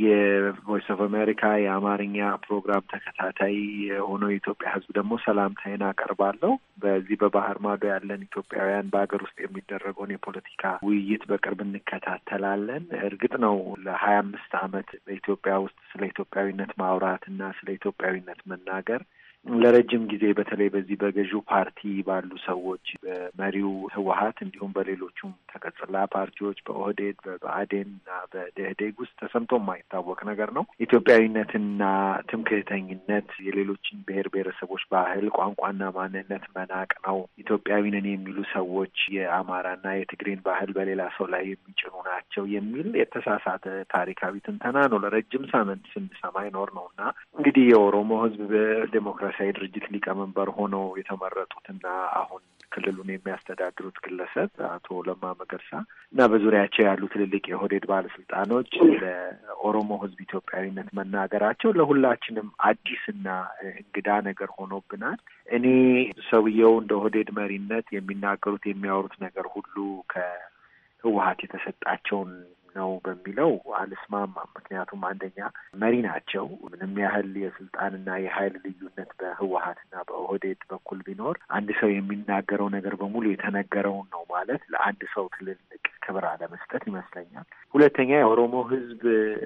Speaker 6: የቮይስ ኦፍ አሜሪካ የአማርኛ ፕሮግራም ተከታታይ የሆነው የኢትዮጵያ ሕዝብ ደግሞ ሰላምታዬን አቀርባለሁ። በዚህ በባህር ማዶ ያለን ኢትዮጵያውያን በሀገር ውስጥ የሚደረገውን የፖለቲካ ውይይት በቅርብ እንከታተላለን። እርግጥ ነው ለሀያ አምስት ዓመት በኢትዮጵያ ውስጥ ስለ ኢትዮጵያዊነት ማውራት እና ስለ ኢትዮጵያዊነት መናገር ለረጅም ጊዜ በተለይ በዚህ በገዢው ፓርቲ ባሉ ሰዎች በመሪው ህወሀት እንዲሁም በሌሎቹም ተቀጽላ ፓርቲዎች በኦህዴድ በብአዴን እና በደህዴግ ውስጥ ተሰምቶ የማይታወቅ ነገር ነው። ኢትዮጵያዊነትና ትምክህተኝነት የሌሎችን ብሔር ብሔረሰቦች ባህል፣ ቋንቋና ማንነት መናቅ ነው። ኢትዮጵያዊ ነን የሚሉ ሰዎች የአማራና የትግሬን ባህል በሌላ ሰው ላይ የሚጭኑ ናቸው የሚል የተሳሳተ ታሪካዊ ትንተና ነው ለረጅም ሳምንት ስንሰማ ይኖር ነው እና እንግዲህ የኦሮሞ ህዝብ በዴሞክራ ዲሞክራሲያዊ ድርጅት ሊቀመንበር ሆነው የተመረጡትና አሁን ክልሉን የሚያስተዳድሩት ግለሰብ አቶ ለማ መገርሳ እና በዙሪያቸው ያሉ ትልልቅ የኦህዴድ ባለስልጣኖች ለኦሮሞ ሕዝብ ኢትዮጵያዊነት መናገራቸው ለሁላችንም አዲስና እንግዳ ነገር ሆኖብናል። እኔ ሰውየው እንደ ኦህዴድ መሪነት የሚናገሩት የሚያወሩት ነገር ሁሉ ከህወሀት የተሰጣቸውን ነው በሚለው አልስማማም። ምክንያቱም አንደኛ መሪ ናቸው። ምንም ያህል የስልጣንና የኃይል ልዩነት በህወሀትና በኦህዴድ በኩል ቢኖር አንድ ሰው የሚናገረው ነገር በሙሉ የተነገረውን ነው ማለት ለአንድ ሰው ትልልቅ ክብር አለመስጠት ይመስለኛል። ሁለተኛ የኦሮሞ ህዝብ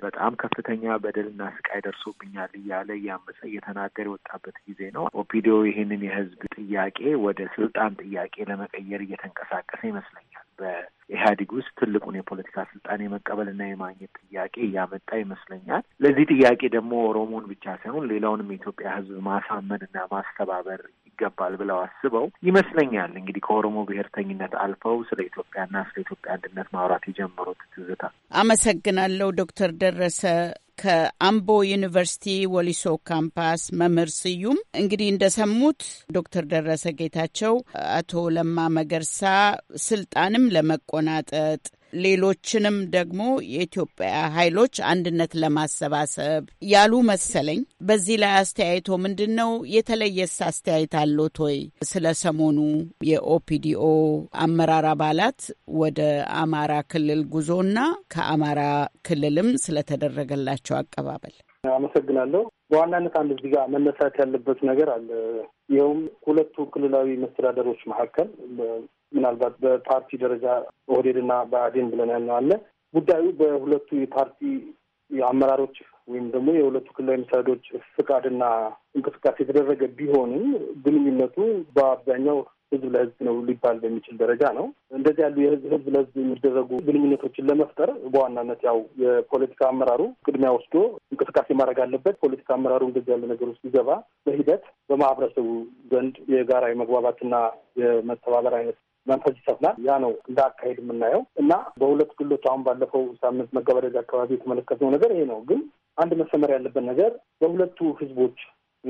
Speaker 6: በጣም ከፍተኛ በደልና ስቃይ ደርሶብኛል እያለ እያመፀ እየተናገር የወጣበት ጊዜ ነው። ኦፒዲዮ ይህንን የህዝብ ጥያቄ ወደ ስልጣን ጥያቄ ለመቀየር እየተንቀሳቀሰ ይመስለኛል። በኢህአዴግ ውስጥ ትልቁን የፖለቲካ ስልጣን የመቀበልና የማግኘት ጥያቄ እያመጣ ይመስለኛል። ለዚህ ጥያቄ ደግሞ ኦሮሞን ብቻ ሳይሆን ሌላውንም የኢትዮጵያ ሕዝብ ማሳመንና ማስተባበር ይገባል ብለው አስበው ይመስለኛል። እንግዲህ ከኦሮሞ ብሔርተኝነት አልፈው ስለ ኢትዮጵያና ስለ ኢትዮጵያ አንድነት ማውራት የጀመሩት ትዝታ።
Speaker 9: አመሰግናለሁ ዶክተር ደረሰ ከአምቦ ዩኒቨርሲቲ ወሊሶ ካምፓስ መምህር ስዩም እንግዲህ እንደሰሙት ዶክተር ደረሰ ጌታቸው አቶ ለማ መገርሳ ስልጣንም ለመቆናጠጥ ሌሎችንም ደግሞ የኢትዮጵያ ኃይሎች አንድነት ለማሰባሰብ ያሉ መሰለኝ። በዚህ ላይ አስተያየቶ ምንድን ነው? የተለየስ አስተያየት አሎት ወይ? ስለ ሰሞኑ የኦፒዲኦ አመራር አባላት ወደ አማራ ክልል ጉዞና ከአማራ ክልልም ስለተደረገላቸው አቀባበል።
Speaker 4: አመሰግናለሁ። በዋናነት አንድ እዚህ ጋር መነሳት ያለበት ነገር አለ። ይኸውም ሁለቱ ክልላዊ መስተዳደሮች መካከል ምናልባት በፓርቲ ደረጃ ኦህዴድና ብአዴን ብለን ያነዋለ ጉዳዩ በሁለቱ የፓርቲ አመራሮች ወይም ደግሞ የሁለቱ ክልላዊ መስተዳድሮች ፍቃድና እንቅስቃሴ የተደረገ ቢሆንም ግንኙነቱ በአብዛኛው ህዝብ ለህዝብ ነው ሊባል በሚችል ደረጃ ነው። እንደዚህ ያሉ የህዝብ ህዝብ ለህዝብ የሚደረጉ ግንኙነቶችን ለመፍጠር በዋናነት ያው የፖለቲካ አመራሩ ቅድሚያ ወስዶ እንቅስቃሴ ማድረግ አለበት። ፖለቲካ አመራሩ እንደዚህ ያለ ነገር ውስጥ ሲገባ በሂደት በማህበረሰቡ ዘንድ የጋራ የመግባባትና የመተባበር አይነት መንፈስ ይሰፍናል። ያ ነው እንደ አካሄድ የምናየው እና በሁለት ግሎች አሁን ባለፈው ሳምንት መገባደጃ አካባቢ የተመለከትነው ነገር ይሄ ነው። ግን አንድ መሰመር ያለበት ነገር በሁለቱ ህዝቦች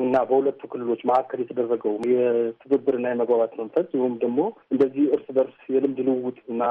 Speaker 4: እና በሁለቱ ክልሎች መካከል የተደረገው የትብብርና የመግባባት መንፈስ ይሁም ደግሞ እንደዚህ እርስ በርስ የልምድ ልውውጥ እና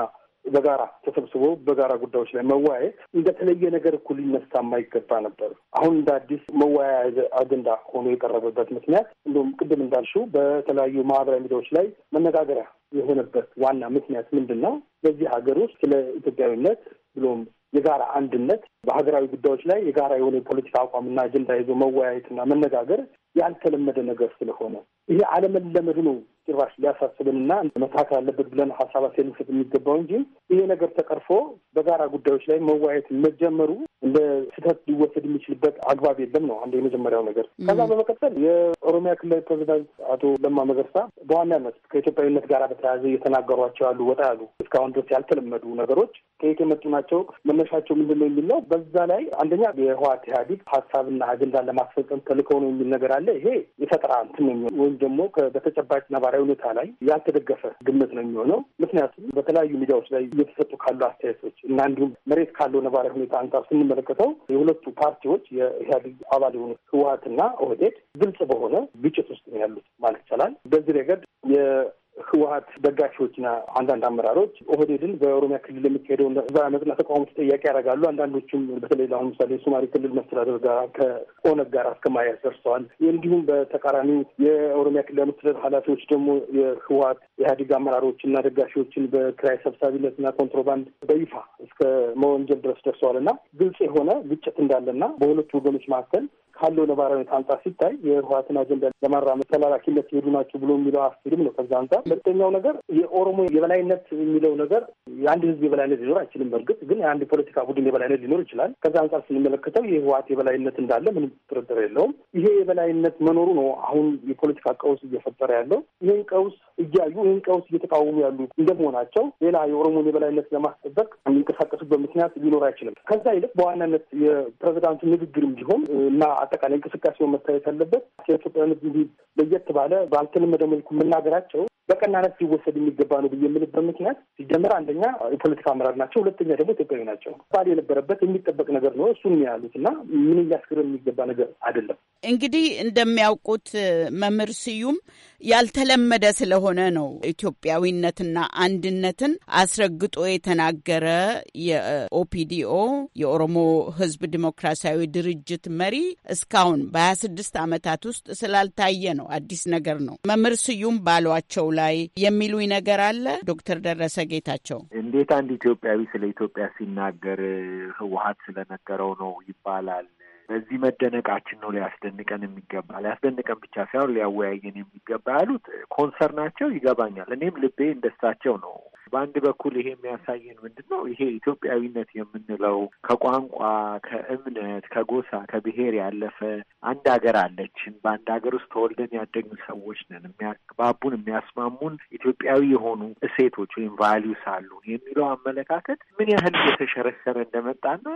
Speaker 4: በጋራ ተሰብስቦ በጋራ ጉዳዮች ላይ መወያየት እንደተለየ ነገር እኩል ሊነሳ የማይገባ ነበር። አሁን እንደ አዲስ መወያያ አጀንዳ ሆኖ የቀረበበት ምክንያት እንዲሁም ቅድም እንዳልሽው በተለያዩ ማህበራዊ ሚዲያዎች ላይ መነጋገሪያ የሆነበት ዋና ምክንያት ምንድን ነው? በዚህ ሀገር ውስጥ ስለ ኢትዮጵያዊነት ብሎም የጋራ አንድነት በሀገራዊ ጉዳዮች ላይ የጋራ የሆነ የፖለቲካ አቋምና አጀንዳ ይዞ መወያየትና መነጋገር ያልተለመደ ነገር ስለሆነ ይሄ አለመለመድ ነው ጭራሽ ሊያሳስብንና መስተካከል አለበት ብለን ሀሳባት ልንሰጥ የሚገባው እንጂ ይሄ ነገር ተቀርፎ በጋራ ጉዳዮች ላይ መዋየት መጀመሩ እንደ ስህተት ሊወሰድ የሚችልበት አግባብ የለም ነው አንድ የመጀመሪያው ነገር። ከዛ በመቀጠል የኦሮሚያ ክልላዊ ፕሬዚዳንት አቶ ለማ መገርሳ በዋናነት ከኢትዮጵያዊነት ጋር በተያያዘ እየተናገሯቸው ያሉ ወጣ ያሉ እስካሁን ድረስ ያልተለመዱ ነገሮች ከየት የመጡ ናቸው፣ መነሻቸው ምንድን ነው የሚል ነው። በዛ ላይ አንደኛ የህወሓት ኢህአዴግ ሀሳብና አጀንዳ ለማስፈጸም ተልከው ነው የሚል ነገር አለ። ይሄ የፈጠራ እንትን ነው ወይም ደግሞ በተጨባጭ ነባራዊ ሁኔታ ላይ ያልተደገፈ ግምት ነው የሚሆነው። ምክንያቱም በተለያዩ ሚዲያዎች ላይ እየተሰጡ ካሉ አስተያየቶች እና እንዲሁም መሬት ካለው ነባራዊ ሁኔታ አንጻር ስንመ የምንመለከተው የሁለቱ ፓርቲዎች የኢህአዴግ አባል የሆኑ ህወሀትና ኦህዴድ ግልጽ በሆነ ግጭት ውስጥ ነው ያሉት ማለት ይቻላል። በዚህ ረገድ ህወሀት ደጋፊዎችና አንዳንድ አመራሮች ኦህዴድን በኦሮሚያ ክልል የሚካሄደውን ህዝባዊ አመፅና ተቃውሞ ጥያቄ ያደርጋሉ። አንዳንዶችም በተለይ አሁን ምሳሌ የሶማሌ ክልል መስተዳደር ጋር ከኦነግ ጋር እስከ ደርሰዋል። እንዲሁም በተቃራኒ የኦሮሚያ ክልል መስተዳደር ኃላፊዎች ደግሞ የህወሀት የኢህአዴግ አመራሮችና ደጋፊዎችን በክራይ ሰብሳቢነትና ኮንትሮባንድ በይፋ እስከ መወንጀል ድረስ ደርሰዋል እና ግልጽ የሆነ ግጭት እንዳለና በሁለቱ ወገኖች መካከል ካለው ነባራዊ አንጻር ሲታይ የህወሀትን አጀንዳ ለማራመድ ተላላኪነት ሄዱ ናቸው ብሎ የሚለው አስፊልም ነው። ከዛ አንጻር ሁለተኛው ነገር የኦሮሞ የበላይነት የሚለው ነገር የአንድ ህዝብ የበላይነት ሊኖር አይችልም። በእርግጥ ግን የአንድ ፖለቲካ ቡድን የበላይነት ሊኖር ይችላል። ከዚ አንጻር ስንመለከተው የህወሀት የበላይነት እንዳለ ምንም ጥርጥር የለውም። ይሄ የበላይነት መኖሩ ነው አሁን የፖለቲካ ቀውስ እየፈጠረ ያለው። ይህን ቀውስ እያዩ ይህን ቀውስ እየተቃወሙ ያሉ እንደመሆናቸው ሌላ የኦሮሞን የበላይነት ለማስጠበቅ የሚንቀሳቀሱበት ምክንያት ሊኖር አይችልም። ከዛ ይልቅ በዋናነት የፕሬዚዳንቱ ንግግርም ቢሆን እና አጠቃላይ እንቅስቃሴውን መታየት ያለበት ኢትዮጵያነት ለየት ባለ ባልተለመደ መልኩ መናገራቸው በቀናነት ሊወሰድ የሚገባ ነው ብዬ የምልበት ምክንያት ሲጀምር አንደኛ የፖለቲካ አመራር ናቸው፣ ሁለተኛ ደግሞ ኢትዮጵያዊ ናቸው። ባል የነበረበት የሚጠበቅ ነገር ነው እሱን ያሉት እና ምን እያስገረም የሚገባ ነገር አይደለም።
Speaker 9: እንግዲህ እንደሚያውቁት መምህር ስዩም ያልተለመደ ስለሆነ ነው። ኢትዮጵያዊነትና አንድነትን አስረግጦ የተናገረ የኦፒዲኦ የኦሮሞ ህዝብ ዲሞክራሲያዊ ድርጅት መሪ እስካሁን በ26 ዓመታት ውስጥ ስላልታየ ነው። አዲስ ነገር ነው። መምህር ስዩም ባሏቸው ላይ የሚሉኝ ነገር አለ። ዶክተር ደረሰ ጌታቸው
Speaker 6: እንዴት አንድ ኢትዮጵያዊ ስለ ኢትዮጵያ ሲናገር ህወሀት ስለነገረው ነው ይባላል በዚህ መደነቃችን ነው ሊያስደንቀን የሚገባ ሊያስደንቀን ብቻ ሳይሆን ሊያወያየን የሚገባ ያሉት ኮንሰርናቸው ይገባኛል። እኔም ልቤ እንደሳቸው ነው። በአንድ በኩል ይሄ የሚያሳየን ምንድን ነው? ይሄ ኢትዮጵያዊነት የምንለው ከቋንቋ፣ ከእምነት፣ ከጎሳ፣ ከብሔር ያለፈ አንድ ሀገር አለችን። በአንድ ሀገር ውስጥ ተወልደን ያደግን ሰዎች ነን። የሚያግባቡን የሚያስማሙን ኢትዮጵያዊ የሆኑ እሴቶች ወይም ቫሊዩስ አሉ የሚለው አመለካከት ምን ያህል እየተሸረሸረ እንደመጣና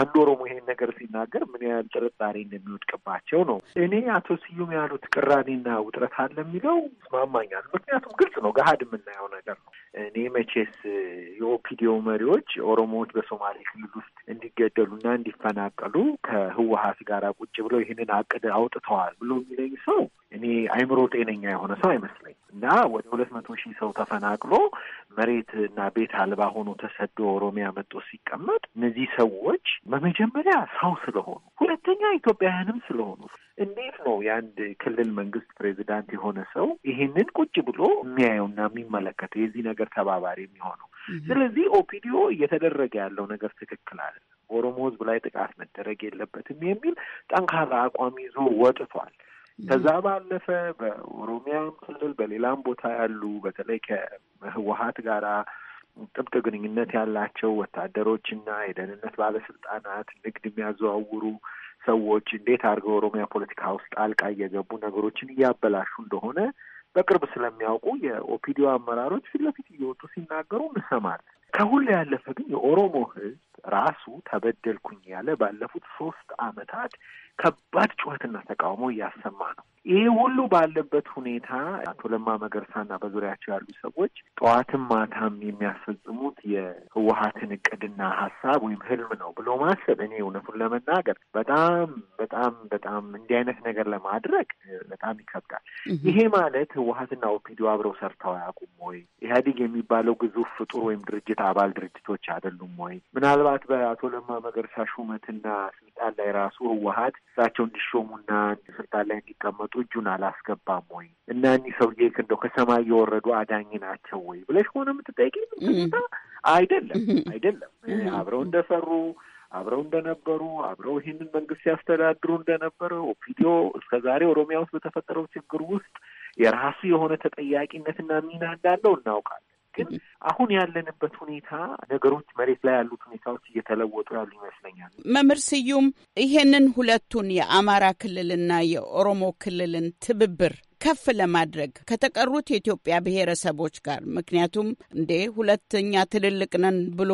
Speaker 6: አንድ ኦሮሞ ይሄን ነገር ሲናገር ምን ያህል ጥርጣሬ እንደሚወድቅባቸው ነው። እኔ አቶ ስዩም ያሉት ቅራኔና ውጥረት አለ የሚለው እስማማኛል። ምክንያቱም ግልጽ ነው፣ ገሀድ የምናየው ነገር ነው። እኔ መቼስ የኦፒዲዮ መሪዎች ኦሮሞዎች በሶማሌ ክልል ውስጥ እንዲገደሉና እንዲፈናቀሉ ከህወሀት ጋር ቁጭ ብለው ይህንን አቅድ አውጥተዋል ብሎ የሚለኝ ሰው እኔ አይምሮ ጤነኛ የሆነ ሰው አይመስለኝ እና ወደ ሁለት መቶ ሺህ ሰው ተፈናቅሎ መሬት እና ቤት አልባ ሆኖ ተሰዶ ኦሮሚያ መጦ ሲቀመጥ እነዚህ ሰዎች በመጀመሪያ ሰው ስለሆኑ፣ ሁለተኛ ኢትዮጵያውያንም ስለሆኑ እንዴት ነው የአንድ ክልል መንግስት ፕሬዚዳንት የሆነ ሰው ይሄንን ቁጭ ብሎ የሚያየውና የሚመለከተው የዚህ ነገር ተባባሪ የሚሆነው? ስለዚህ ኦፒዲዮ እየተደረገ ያለው ነገር ትክክል አይደለም፣ በኦሮሞ ህዝብ ላይ ጥቃት መደረግ የለበትም የሚል ጠንካራ አቋም ይዞ ወጥቷል። ከዛ ባለፈ በኦሮሚያም ክልል በሌላም ቦታ ያሉ በተለይ ከህወሀት ጋራ ጥብቅ ግንኙነት ያላቸው ወታደሮችና የደህንነት ባለስልጣናት፣ ንግድ የሚያዘዋውሩ ሰዎች እንዴት አድርገው ኦሮሚያ ፖለቲካ ውስጥ ጣልቃ እየገቡ ነገሮችን እያበላሹ እንደሆነ በቅርብ ስለሚያውቁ የኦፒዲዮ አመራሮች ፊት ለፊት እየወጡ ሲናገሩ እንሰማል። ከሁሉ ያለፈ ግን የኦሮሞ ሕዝብ ራሱ ተበደልኩኝ ያለ ባለፉት ሶስት አመታት ከባድ ጩኸትና ተቃውሞ እያሰማ ነው። ይሄ ሁሉ ባለበት ሁኔታ አቶ ለማ መገርሳና በዙሪያቸው ያሉ ሰዎች ጠዋትም ማታም የሚያስፈጽሙት የህወሀትን እቅድና ሀሳብ ወይም ህልም ነው ብሎ ማሰብ እኔ እውነቱን ለመናገር በጣም በጣም በጣም እንዲህ አይነት ነገር ለማድረግ በጣም ይከብዳል። ይሄ ማለት ህወሀትና ኦፒዲዮ አብረው ሰርተው አያውቁም ወይ? ኢህአዴግ የሚባለው ግዙፍ ፍጡር ወይም ድርጅት አባል ድርጅቶች አይደሉም ወይ? ምናልባት በአቶ ለማ መገርሳ ሹመትና ስልጣን ላይ ራሱ ህወሀት እሳቸው እንዲሾሙና ስልጣን ላይ እንዲቀመጡ እጁን አላስገባም ወይ እና እኒህ ሰውዬ እንደው ከሰማይ የወረዱ አዳኝ ናቸው ወይ ብለሽ ከሆነ የምትጠይቂ አይደለም አይደለም። አብረው እንደሰሩ አብረው እንደነበሩ አብረው ይህንን መንግስት ሲያስተዳድሩ እንደነበረ ኦፒዲዮ እስከ ዛሬ ኦሮሚያ ውስጥ በተፈጠረው ችግር ውስጥ የራሱ የሆነ ተጠያቂነትና ሚና እንዳለው እናውቃለን። ግን አሁን ያለንበት ሁኔታ ነገሮች መሬት ላይ ያሉት ሁኔታዎች እየተለወጡ ያሉ ይመስለኛል።
Speaker 9: መምህር ስዩም ይሄንን ሁለቱን የአማራ ክልልና የኦሮሞ ክልልን ትብብር ከፍ ለማድረግ ከተቀሩት የኢትዮጵያ ብሔረሰቦች ጋር ምክንያቱም እንዴ ሁለተኛ ትልልቅ ነን ብሎ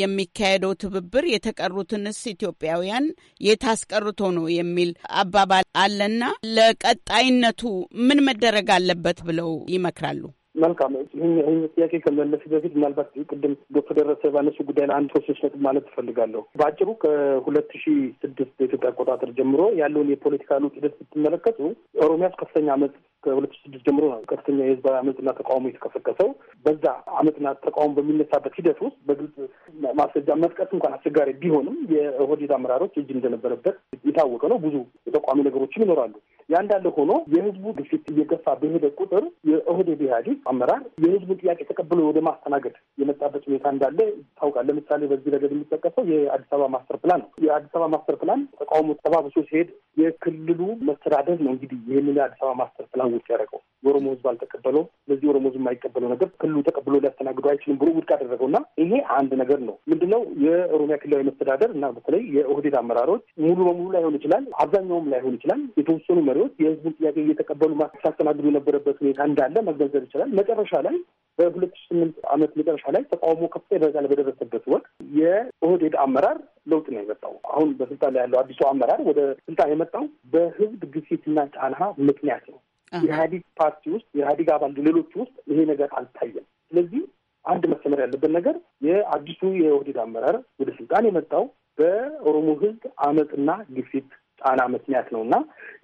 Speaker 9: የሚካሄደው ትብብር የተቀሩትንስ ኢትዮጵያውያን የታስቀርቶ ነው የሚል አባባል አለና ለቀጣይነቱ ምን መደረግ አለበት ብለው ይመክራሉ?
Speaker 4: መልካም ይህን ጥያቄ ከመለስ በፊት ምናልባት ቅድም ዶክተር ደረሰ ባነሱ ጉዳይ አንድ ሶስት ነጥብ ማለት ትፈልጋለሁ። በአጭሩ ከሁለት ሺ ስድስት በኢትዮጵያ አቆጣጠር ጀምሮ ያለውን የፖለቲካ ለውጥ ሂደት ስትመለከቱ ኦሮሚያስ ከፍተኛ አመፅ ከሁለት ሺ ስድስት ጀምሮ ነው ከፍተኛ የህዝባዊ አመፅና ተቃውሞ የተቀሰቀሰው። በዛ አመፅና ተቃውሞ በሚነሳበት ሂደት ውስጥ በግልጽ ማስረጃ መጥቀስ እንኳን አስቸጋሪ ቢሆንም የኦህዴድ አመራሮች እጅ እንደነበረበት የታወቀ ነው። ብዙ የተቃዋሚ ነገሮችም ይኖራሉ። ያንዳንድ ሆኖ የህዝቡ ግፊት እየገፋ በሄደ ቁጥር የኦህዴድ ኢህአዴግ አመራር የህዝቡን ጥያቄ ተቀብሎ ወደ ማስተናገድ የመጣበት ሁኔታ እንዳለ ይታውቃል። ለምሳሌ በዚህ ረገድ የሚጠቀሰው የአዲስ አበባ ማስተር ፕላን ነው። የአዲስ አበባ ማስተር ፕላን ተቃውሞ ተባብሶ ሲሄድ የክልሉ መስተዳደር ነው እንግዲህ ይህንን የአዲስ አበባ ማስተር ፕላን ውጭ ያደረገው የኦሮሞ ህዝብ አልተቀበለውም። ስለዚህ ኦሮሞ ህዝብ የማይቀበለው ነገር ክልሉ ተቀብሎ ሊያስተናግዱ አይችልም ብሎ ውድቅ አደረገው እና ይሄ አንድ ነገር ነው። ምንድነው የኦሮሚያ ክልላዊ መስተዳደር እና በተለይ የኦህዴድ አመራሮች ሙሉ በሙሉ ላይሆን ይችላል፣ አብዛኛውም ላይሆን ይችላል። የተወሰኑ መሪዎች የህዝቡን ጥያቄ እየተቀበሉ ሲያስተናግዱ የነበረበት ሁኔታ እንዳለ መገንዘብ ይችላል። መጨረሻ ላይ በሁለት ስምንት ዓመት መጨረሻ ላይ ተቃውሞ ከፍተኛ ደረጃ ላይ በደረሰበት ወቅት የኦህዴድ አመራር ለውጥ ነው የመጣው። አሁን በስልጣን ላይ ያለው አዲሱ አመራር ወደ ስልጣን የመጣው በህዝብ ግፊትና ጫና ምክንያት ነው። የኢህአዲግ ፓርቲ ውስጥ የኢህአዲግ አባል ሌሎች ውስጥ ይሄ ነገር አልታየም። ስለዚህ አንድ መሰመር ያለበት ነገር የአዲሱ የኦህዴድ አመራር ወደ ስልጣን የመጣው በኦሮሞ ህዝብ አመፅና ግፊት ጣና ምክንያት ነው እና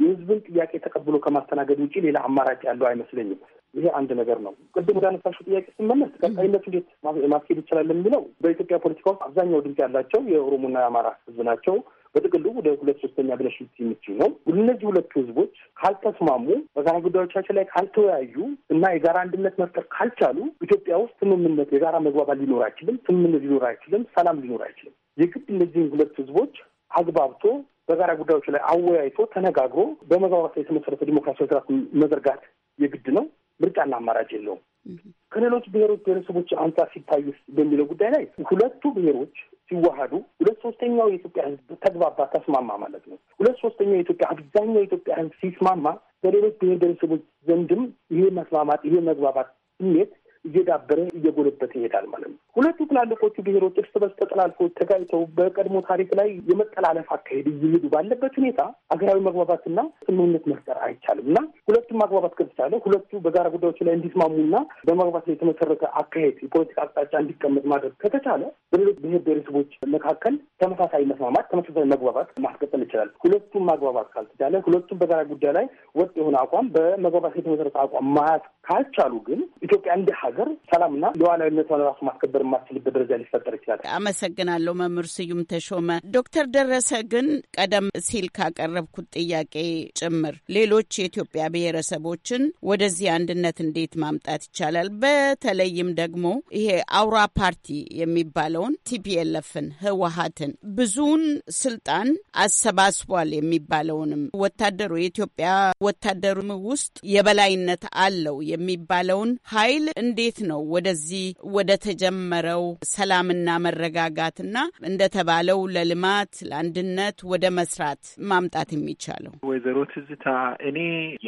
Speaker 4: የህዝብን ጥያቄ ተቀብሎ ከማስተናገድ ውጪ ሌላ አማራጭ ያለው አይመስለኝም። ይሄ አንድ ነገር ነው። ቅድም ወደ ጥያቄ ስመለስ ቀጣይነት እንዴት ማስኬድ ይችላል የሚለው በኢትዮጵያ ፖለቲካ ውስጥ አብዛኛው ድምፅ ያላቸው የኦሮሞና የአማራ ህዝብ ናቸው። በጥቅሉ ወደ ሁለት ሶስተኛ ብለሽ የምትይው ነው። እነዚህ ሁለቱ ህዝቦች ካልተስማሙ፣ በጋራ ጉዳዮቻቸው ላይ ካልተወያዩ እና የጋራ አንድነት መፍጠር ካልቻሉ ኢትዮጵያ ውስጥ ስምምነት፣ የጋራ መግባባት ሊኖር አይችልም። ስምምነት ሊኖር አይችልም። ሰላም ሊኖር አይችልም። የግድ እነዚህን ሁለት ህዝቦች አግባብቶ በጋራ ጉዳዮች ላይ አወያይቶ ተነጋግሮ በመግባባት ላይ የተመሰረተ ዲሞክራሲያዊ ስርዓት መዘርጋት የግድ ነው። ምርጫና አማራጭ የለውም። ከሌሎች ብሔሮች ብሔረሰቦች አንጻር ሲታዩ በሚለው ጉዳይ ላይ ሁለቱ ብሔሮች ሲዋሃዱ ሁለት ሶስተኛው የኢትዮጵያ ሕዝብ ተግባባ፣ ተስማማ ማለት ነው። ሁለት ሶስተኛው የኢትዮጵያ አብዛኛው የኢትዮጵያ ሕዝብ ሲስማማ በሌሎች ብሔር ብሔረሰቦች ዘንድም ይሄ መስማማት ይሄ መግባባት ስሜት እየዳበረ እየጎለበት ይሄዳል ማለት ነው። ሁለቱ ትላልቆቹ ብሔሮች እርስ በርስ ተጠላልፎ ተጋጭተው በቀድሞ ታሪክ ላይ የመጠላለፍ አካሄድ እየሄዱ ባለበት ሁኔታ አገራዊ መግባባትና ስምምነት መፍጠር አይቻልም እና ሁለቱም ማግባባት ከተቻለ ሁለቱ በጋራ ጉዳዮች ላይ እንዲስማሙና በማግባባት ላይ የተመሰረተ አካሄድ የፖለቲካ አቅጣጫ እንዲቀመጥ ማድረግ ከተቻለ በሌሎች ብሔር ብሔረሰቦች መካከል ተመሳሳይ መስማማት፣ ተመሳሳይ መግባባት ማስቀጠል ይችላል። ሁለቱም ማግባባት ካልተቻለ ሁለቱም በጋራ ጉዳይ ላይ ወጥ የሆነ አቋም በመግባባት የተመሰረተ አቋም ማያዝ ካልቻሉ ግን ኢትዮጵያ እንደ ሀገር ሰላምና ሉዓላዊነቷን ራሱ ማስከበር የማትችልበት ደረጃ ሊፈጠር ይችላል።
Speaker 9: አመሰግናለሁ መምህር ስዩም ተሾመ። ዶክተር ደረሰ ግን ቀደም ሲል ካቀረብኩት ጥያቄ ጭምር ሌሎች የኢትዮጵያ ብሔረሰቦችን ወደዚህ አንድነት እንዴት ማምጣት ይቻላል? በተለይም ደግሞ ይሄ አውራ ፓርቲ የሚባለውን ቲፒኤልኤፍን ህወሀትን ብዙውን ስልጣን አሰባስቧል የሚባለውንም ወታደሩ የኢትዮጵያ ወታደሩም ውስጥ የበላይነት አለው የሚባለውን ኃይል እንዴት ነው ወደዚህ ወደ ተጀመረው ሰላምና መረጋጋትና እንደተባለው ለልማት ለአንድነት ወደ መስራት ማምጣት የሚቻለው?
Speaker 6: ወይዘሮ ትዝታ እኔ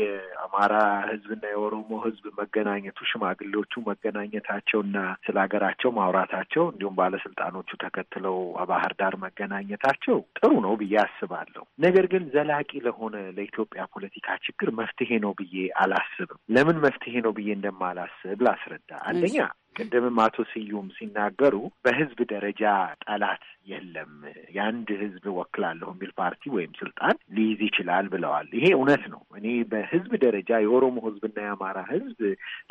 Speaker 6: የአማራ ህዝብና የኦሮሞ ህዝብ መገናኘቱ ሽማግሌዎቹ መገናኘታቸውና ስለ ሀገራቸው ማውራታቸው እንዲሁም ባለስልጣኖቹ ተከትለው ባህር ዳር መገናኘታቸው ጥሩ ነው ብዬ አስባለሁ። ነገር ግን ዘላቂ ለሆነ ለኢትዮጵያ ፖለቲካ ችግር መፍትሄ ነው ብዬ አላስብም። ለምን መፍትሄ ይሄ ነው ብዬ እንደማላስብ ላስረዳ። አንደኛ ቅድምም አቶ ስዩም ሲናገሩ በህዝብ ደረጃ ጠላት የለም፣ የአንድ ህዝብ ወክላለሁ የሚል ፓርቲ ወይም ስልጣን ሊይዝ ይችላል ብለዋል። ይሄ እውነት ነው። እኔ በህዝብ ደረጃ የኦሮሞ ህዝብና የአማራ ህዝብ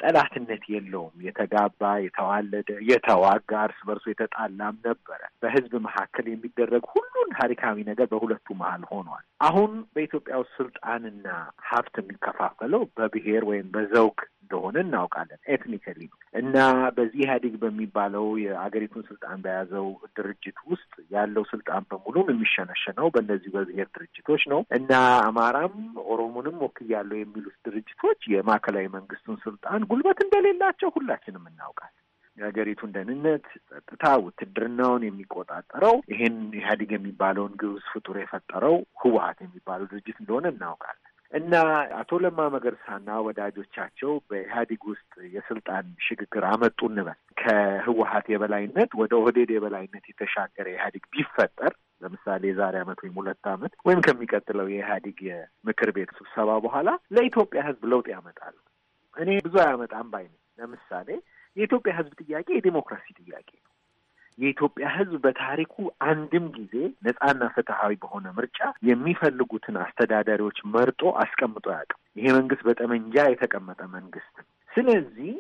Speaker 6: ጠላትነት የለውም። የተጋባ የተዋለደ፣ የተዋጋ እርስ በርሶ የተጣላም ነበረ። በህዝብ መካከል የሚደረግ ሁሉን ታሪካዊ ነገር በሁለቱ መሀል ሆኗል። አሁን በኢትዮጵያ ውስጥ ስልጣንና ሀብት የሚከፋፈለው በብሔር ወይም በዘውግ እንደሆነ እናውቃለን። ኤትኒካሊ እና በዚህ ኢህአዴግ በሚባለው የአገሪቱን ስልጣን በያዘው ድርጅት ውስጥ ያለው ስልጣን በሙሉም የሚሸነሸነው በእነዚህ በብሔር ድርጅቶች ነው እና አማራም ኦሮሞንም ያለው የሚሉት ድርጅቶች የማዕከላዊ መንግስቱን ስልጣን ጉልበት እንደሌላቸው ሁላችንም እናውቃለን። የሀገሪቱን ደህንነት፣ ጸጥታ፣ ውትድርናውን የሚቆጣጠረው ይሄን ኢህአዴግ የሚባለውን ግብዝ ፍጡር የፈጠረው ህወሀት የሚባለው ድርጅት እንደሆነ እናውቃለን። እና አቶ ለማ መገርሳና ወዳጆቻቸው በኢህአዴግ ውስጥ የስልጣን ሽግግር አመጡ እንበል ከህወሀት የበላይነት ወደ ኦህዴድ የበላይነት የተሻገረ ኢህአዴግ ቢፈጠር ለምሳሌ የዛሬ አመት ወይም ሁለት አመት ወይም ከሚቀጥለው የኢህአዴግ የምክር ቤት ስብሰባ በኋላ ለኢትዮጵያ ህዝብ ለውጥ ያመጣሉ። እኔ ብዙ አያመጣም ባይ ነኝ። ለምሳሌ የኢትዮጵያ ህዝብ ጥያቄ የዴሞክራሲ ጥያቄ ነው። የኢትዮጵያ ሕዝብ በታሪኩ አንድም ጊዜ ነጻና ፍትሐዊ በሆነ ምርጫ የሚፈልጉትን አስተዳዳሪዎች መርጦ አስቀምጦ አያውቅም። ይሄ መንግስት በጠመንጃ የተቀመጠ መንግስት። ስለዚህ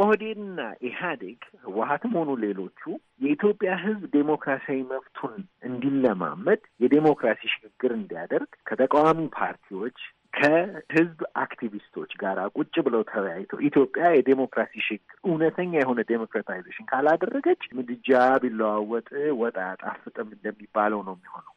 Speaker 6: ኦህዴድና ኢህአዴግ ህወሀትም ሆኑ ሌሎቹ የኢትዮጵያ ህዝብ ዴሞክራሲያዊ መብቱን እንዲለማመድ የዴሞክራሲ ሽግግር እንዲያደርግ ከተቃዋሚ ፓርቲዎች ከህዝብ አክቲቪስቶች ጋር ቁጭ ብለው ተወያይተው ኢትዮጵያ የዴሞክራሲ ሽግ እውነተኛ የሆነ ዴሞክራታይዜሽን ካላደረገች ምድጃ ቢለዋወጥ ወጥ አያጣፍጥም እንደሚባለው ነው የሚሆነው።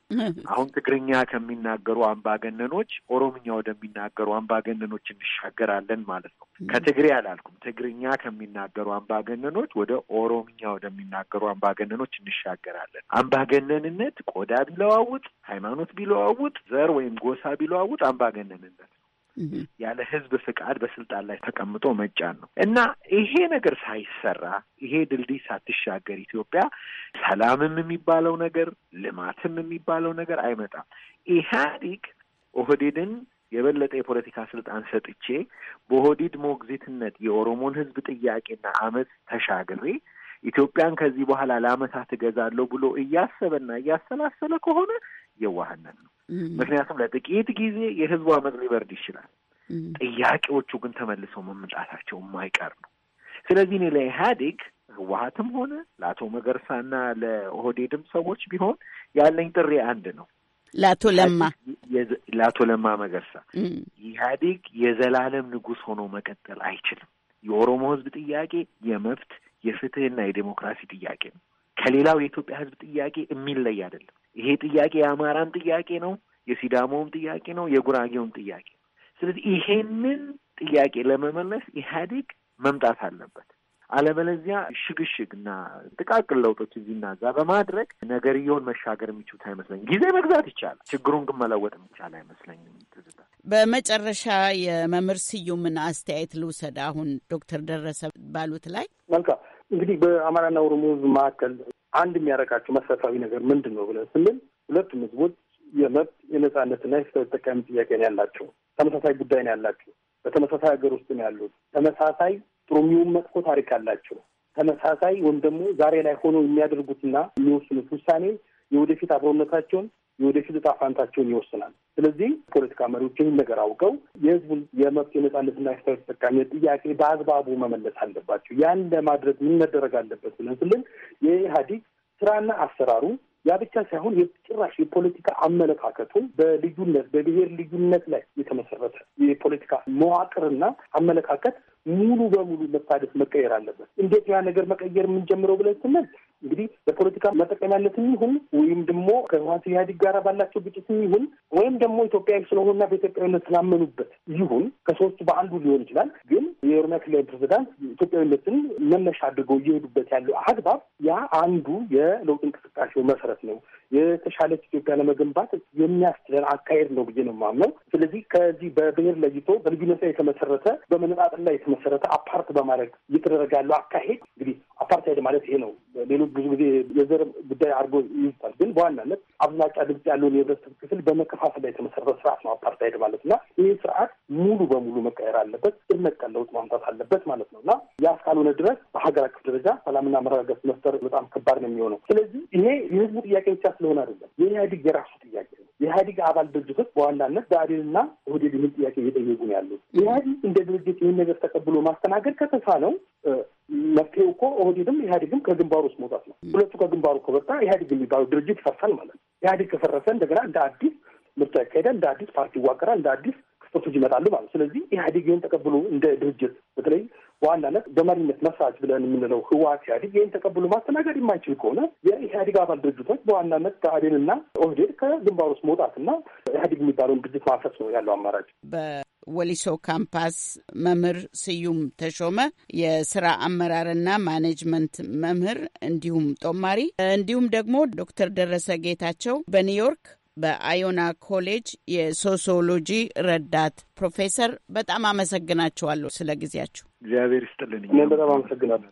Speaker 6: አሁን ትግርኛ ከሚናገሩ አምባገነኖች ኦሮምኛ ወደሚናገሩ አምባገነኖች እንሻገራለን ማለት ነው።
Speaker 10: ከትግሬ አላልኩም።
Speaker 6: ትግርኛ ከሚናገሩ አምባገነኖች ወደ ኦሮምኛ ወደሚናገሩ አምባገነኖች እንሻገራለን። አምባገነንነት ቆዳ ቢለዋውጥ፣ ሃይማኖት ቢለዋውጥ፣ ዘር ወይም ጎሳ ቢለዋውጥ አምባገነን ማንነት ነው። ያለ ህዝብ ፍቃድ በስልጣን ላይ ተቀምጦ መጫን ነው እና ይሄ ነገር ሳይሰራ ይሄ ድልድይ ሳትሻገር ኢትዮጵያ ሰላምም የሚባለው ነገር ልማትም የሚባለው ነገር አይመጣም። ኢህአዲግ ኦህዴድን የበለጠ የፖለቲካ ስልጣን ሰጥቼ በኦህዴድ ሞግዚትነት የኦሮሞን ህዝብ ጥያቄና አመፅ ተሻግሬ ኢትዮጵያን ከዚህ በኋላ ለአመታት እገዛለሁ ብሎ እያሰበና እያሰላሰለ ከሆነ የዋህነት ነው። ምክንያቱም ለጥቂት ጊዜ የህዝቡ አመፅ ሊበርድ ይችላል። ጥያቄዎቹ ግን ተመልሰው መምጣታቸው የማይቀር ነው። ስለዚህ እኔ ለኢህአዴግ ህወሀትም ሆነ ለአቶ መገርሳና ለኦህዴድም ሰዎች ቢሆን ያለኝ ጥሪ አንድ ነው። ለአቶ ለማ ለአቶ ለማ መገርሳ ኢህአዴግ የዘላለም ንጉስ ሆኖ መቀጠል አይችልም። የኦሮሞ ህዝብ ጥያቄ የመብት የፍትህና የዴሞክራሲ ጥያቄ ነው። ከሌላው የኢትዮጵያ ህዝብ ጥያቄ የሚለይ አይደለም። ይሄ ጥያቄ የአማራም ጥያቄ ነው፣ የሲዳሞውም ጥያቄ ነው፣ የጉራጌውም ጥያቄ ነው።
Speaker 10: ስለዚህ ይሄንን
Speaker 6: ጥያቄ ለመመለስ ኢህአዴግ መምጣት አለበት። አለበለዚያ ሽግሽግ እና ጥቃቅን ለውጦች እዚህና እዛ በማድረግ ነገርየውን መሻገር የሚችሉት አይመስለኝም። ጊዜ መግዛት ይቻላል፣ ችግሩን ግን መለወጥ
Speaker 9: የሚቻል አይመስለኝም። ትዝታ፣ በመጨረሻ የመምህር ስዩምን አስተያየት ልውሰድ። አሁን ዶክተር ደረሰ ባሉት ላይ መልካም እንግዲህ
Speaker 4: በአማራና ኦሮሞ መካከል አንድ የሚያደርጋቸው መሰረታዊ ነገር ምንድን ነው ብለን ስንል ሁለቱም ህዝቦች የመብት የነጻነትና የፍትህ ተጠቃሚ ጥያቄ ነው ያላቸው። ተመሳሳይ ጉዳይ ነው ያላቸው። በተመሳሳይ ሀገር ውስጥ ነው ያሉት። ተመሳሳይ ጥሩ የሚውም መጥፎ ታሪክ አላቸው። ተመሳሳይ ወይም ደግሞ ዛሬ ላይ ሆኖ የሚያደርጉትና የሚወስኑት ውሳኔ የወደፊት አብሮነታቸውን የወደፊት እጣ ፋንታቸውን ይወስናል። ስለዚህ ፖለቲካ መሪዎች ይህን ነገር አውቀው የህዝቡን የመብት የነጻነትና የፍትሐዊ ተጠቃሚነት ጥያቄ በአግባቡ መመለስ አለባቸው። ያን ለማድረግ ምን መደረግ አለበት ብለን ስልን የኢህአዴግ ስራና አሰራሩ ያ ብቻ ሳይሆን የጭራሽ የፖለቲካ አመለካከቱ በልዩነት በብሔር ልዩነት ላይ የተመሰረተ የፖለቲካ መዋቅርና አመለካከት ሙሉ በሙሉ መታደስ መቀየር አለበት። እንዴት ያ ነገር መቀየር የምንጀምረው ብለን ስንል እንግዲህ ለፖለቲካ መጠቀሚያነትም ይሁን ወይም ደግሞ ከህወሓት ኢህአዴግ ጋር ባላቸው ግጭትም ይሁን ወይም ደግሞ ኢትዮጵያዊ ስለሆኑና በኢትዮጵያዊነት ስላመኑበት ይሁን ከሶስቱ በአንዱ ሊሆን ይችላል። ግን የኦሮሚያ ክልላዊ ፕሬዚዳንት ኢትዮጵያዊነትን መነሻ አድርገው እየሄዱበት ያለው አግባብ ያ አንዱ የለውጥ እንቅስቃሴው መሰረት ነው። የተሻለች ኢትዮጵያ ለመገንባት የሚያስችለን አካሄድ ነው ብዬ ነው የማምነው። ስለዚህ ከዚህ በብሔር ለይቶ በልዩነት ላይ የተመሰረተ በመነጣጥል ላይ የተመሰረተ አፓርት በማድረግ እየተደረገ ያለው አካሄድ እንግዲህ አፓርታይድ ማለት ይሄ ነው። ሌሎች ብዙ ጊዜ የዘር ጉዳይ አድርጎ ይይዛል። ግን በዋናነት አብላጫ ድምጽ ያለውን የህብረተሰብ ክፍል በመከፋፈል ላይ የተመሰረተ ስርዓት ነው አፓርታይድ ማለት እና ይህ ስርዓት ሙሉ በሙሉ መቀየር አለበት፣ እመቀን ለውጥ ማምጣት አለበት ማለት ነው እና ያ እስካልሆነ ድረስ በሀገር አቀፍ ደረጃ ሰላምና መረጋጋት መፍጠር በጣም ከባድ ነው የሚሆነው። ስለዚህ ይሄ የህዝቡ ጥያቄ ብቻ ስለሆነ አይደለም፣ የኢህአዴግ የራሱ ጥያቄ ነው። የኢህአዴግ አባል ድርጅቶች በዋናነት ብአዴንና ኦህዴድ ይህን ጥያቄ እየጠየቁ ነው ያሉት። ኢህአዴግ እንደ ድርጅት ይህን ነገር ተቀብሎ ማስተናገድ ከተሳነው መፍትሄው እኮ ኦህዴድም ኢህአዴግም ከግንባሩ ውስጥ መውጣት ነው። ሁለቱ ከግንባሩ ከወጣ ኢህአዴግ የሚባለው ድርጅት ይፈርሳል ማለት ነው። ኢህአዴግ ከፈረሰ እንደገና እንደ አዲስ ምርጫ ይካሄዳል፣ እንደ አዲስ ፓርቲ ይዋቀራል፣ እንደ አዲስ ክፍተቶች ይመጣሉ ማለት ነው። ስለዚህ ኢህአዴግ ይህን ተቀብሎ እንደ ድርጅት በተለይ በዋናነት በመሪነት መስራች ብለን የምንለው ህወሓት ኢህአዴግ ይህን ተቀብሎ ማስተናገድ የማይችል ከሆነ የኢህአዴግ አባል ድርጅቶች በዋናነት ብአዴንና ኦህዴድ ከግንባር ውስጥ መውጣትና ኢህአዴግ የሚባለውን ድርጅት ማፍረስ ነው ያለው አማራጭ።
Speaker 9: ወሊሶ ካምፓስ መምህር ስዩም ተሾመ የስራ አመራርና ማኔጅመንት መምህር እንዲሁም ጦማሪ እንዲሁም ደግሞ ዶክተር ደረሰ ጌታቸው በኒውዮርክ በአዮና ኮሌጅ የሶሲዮሎጂ ረዳት ፕሮፌሰር። በጣም አመሰግናችኋለሁ ስለ ጊዜያችሁ።
Speaker 4: እግዚአብሔር ይስጥልን። እኔም በጣም አመሰግናለሁ።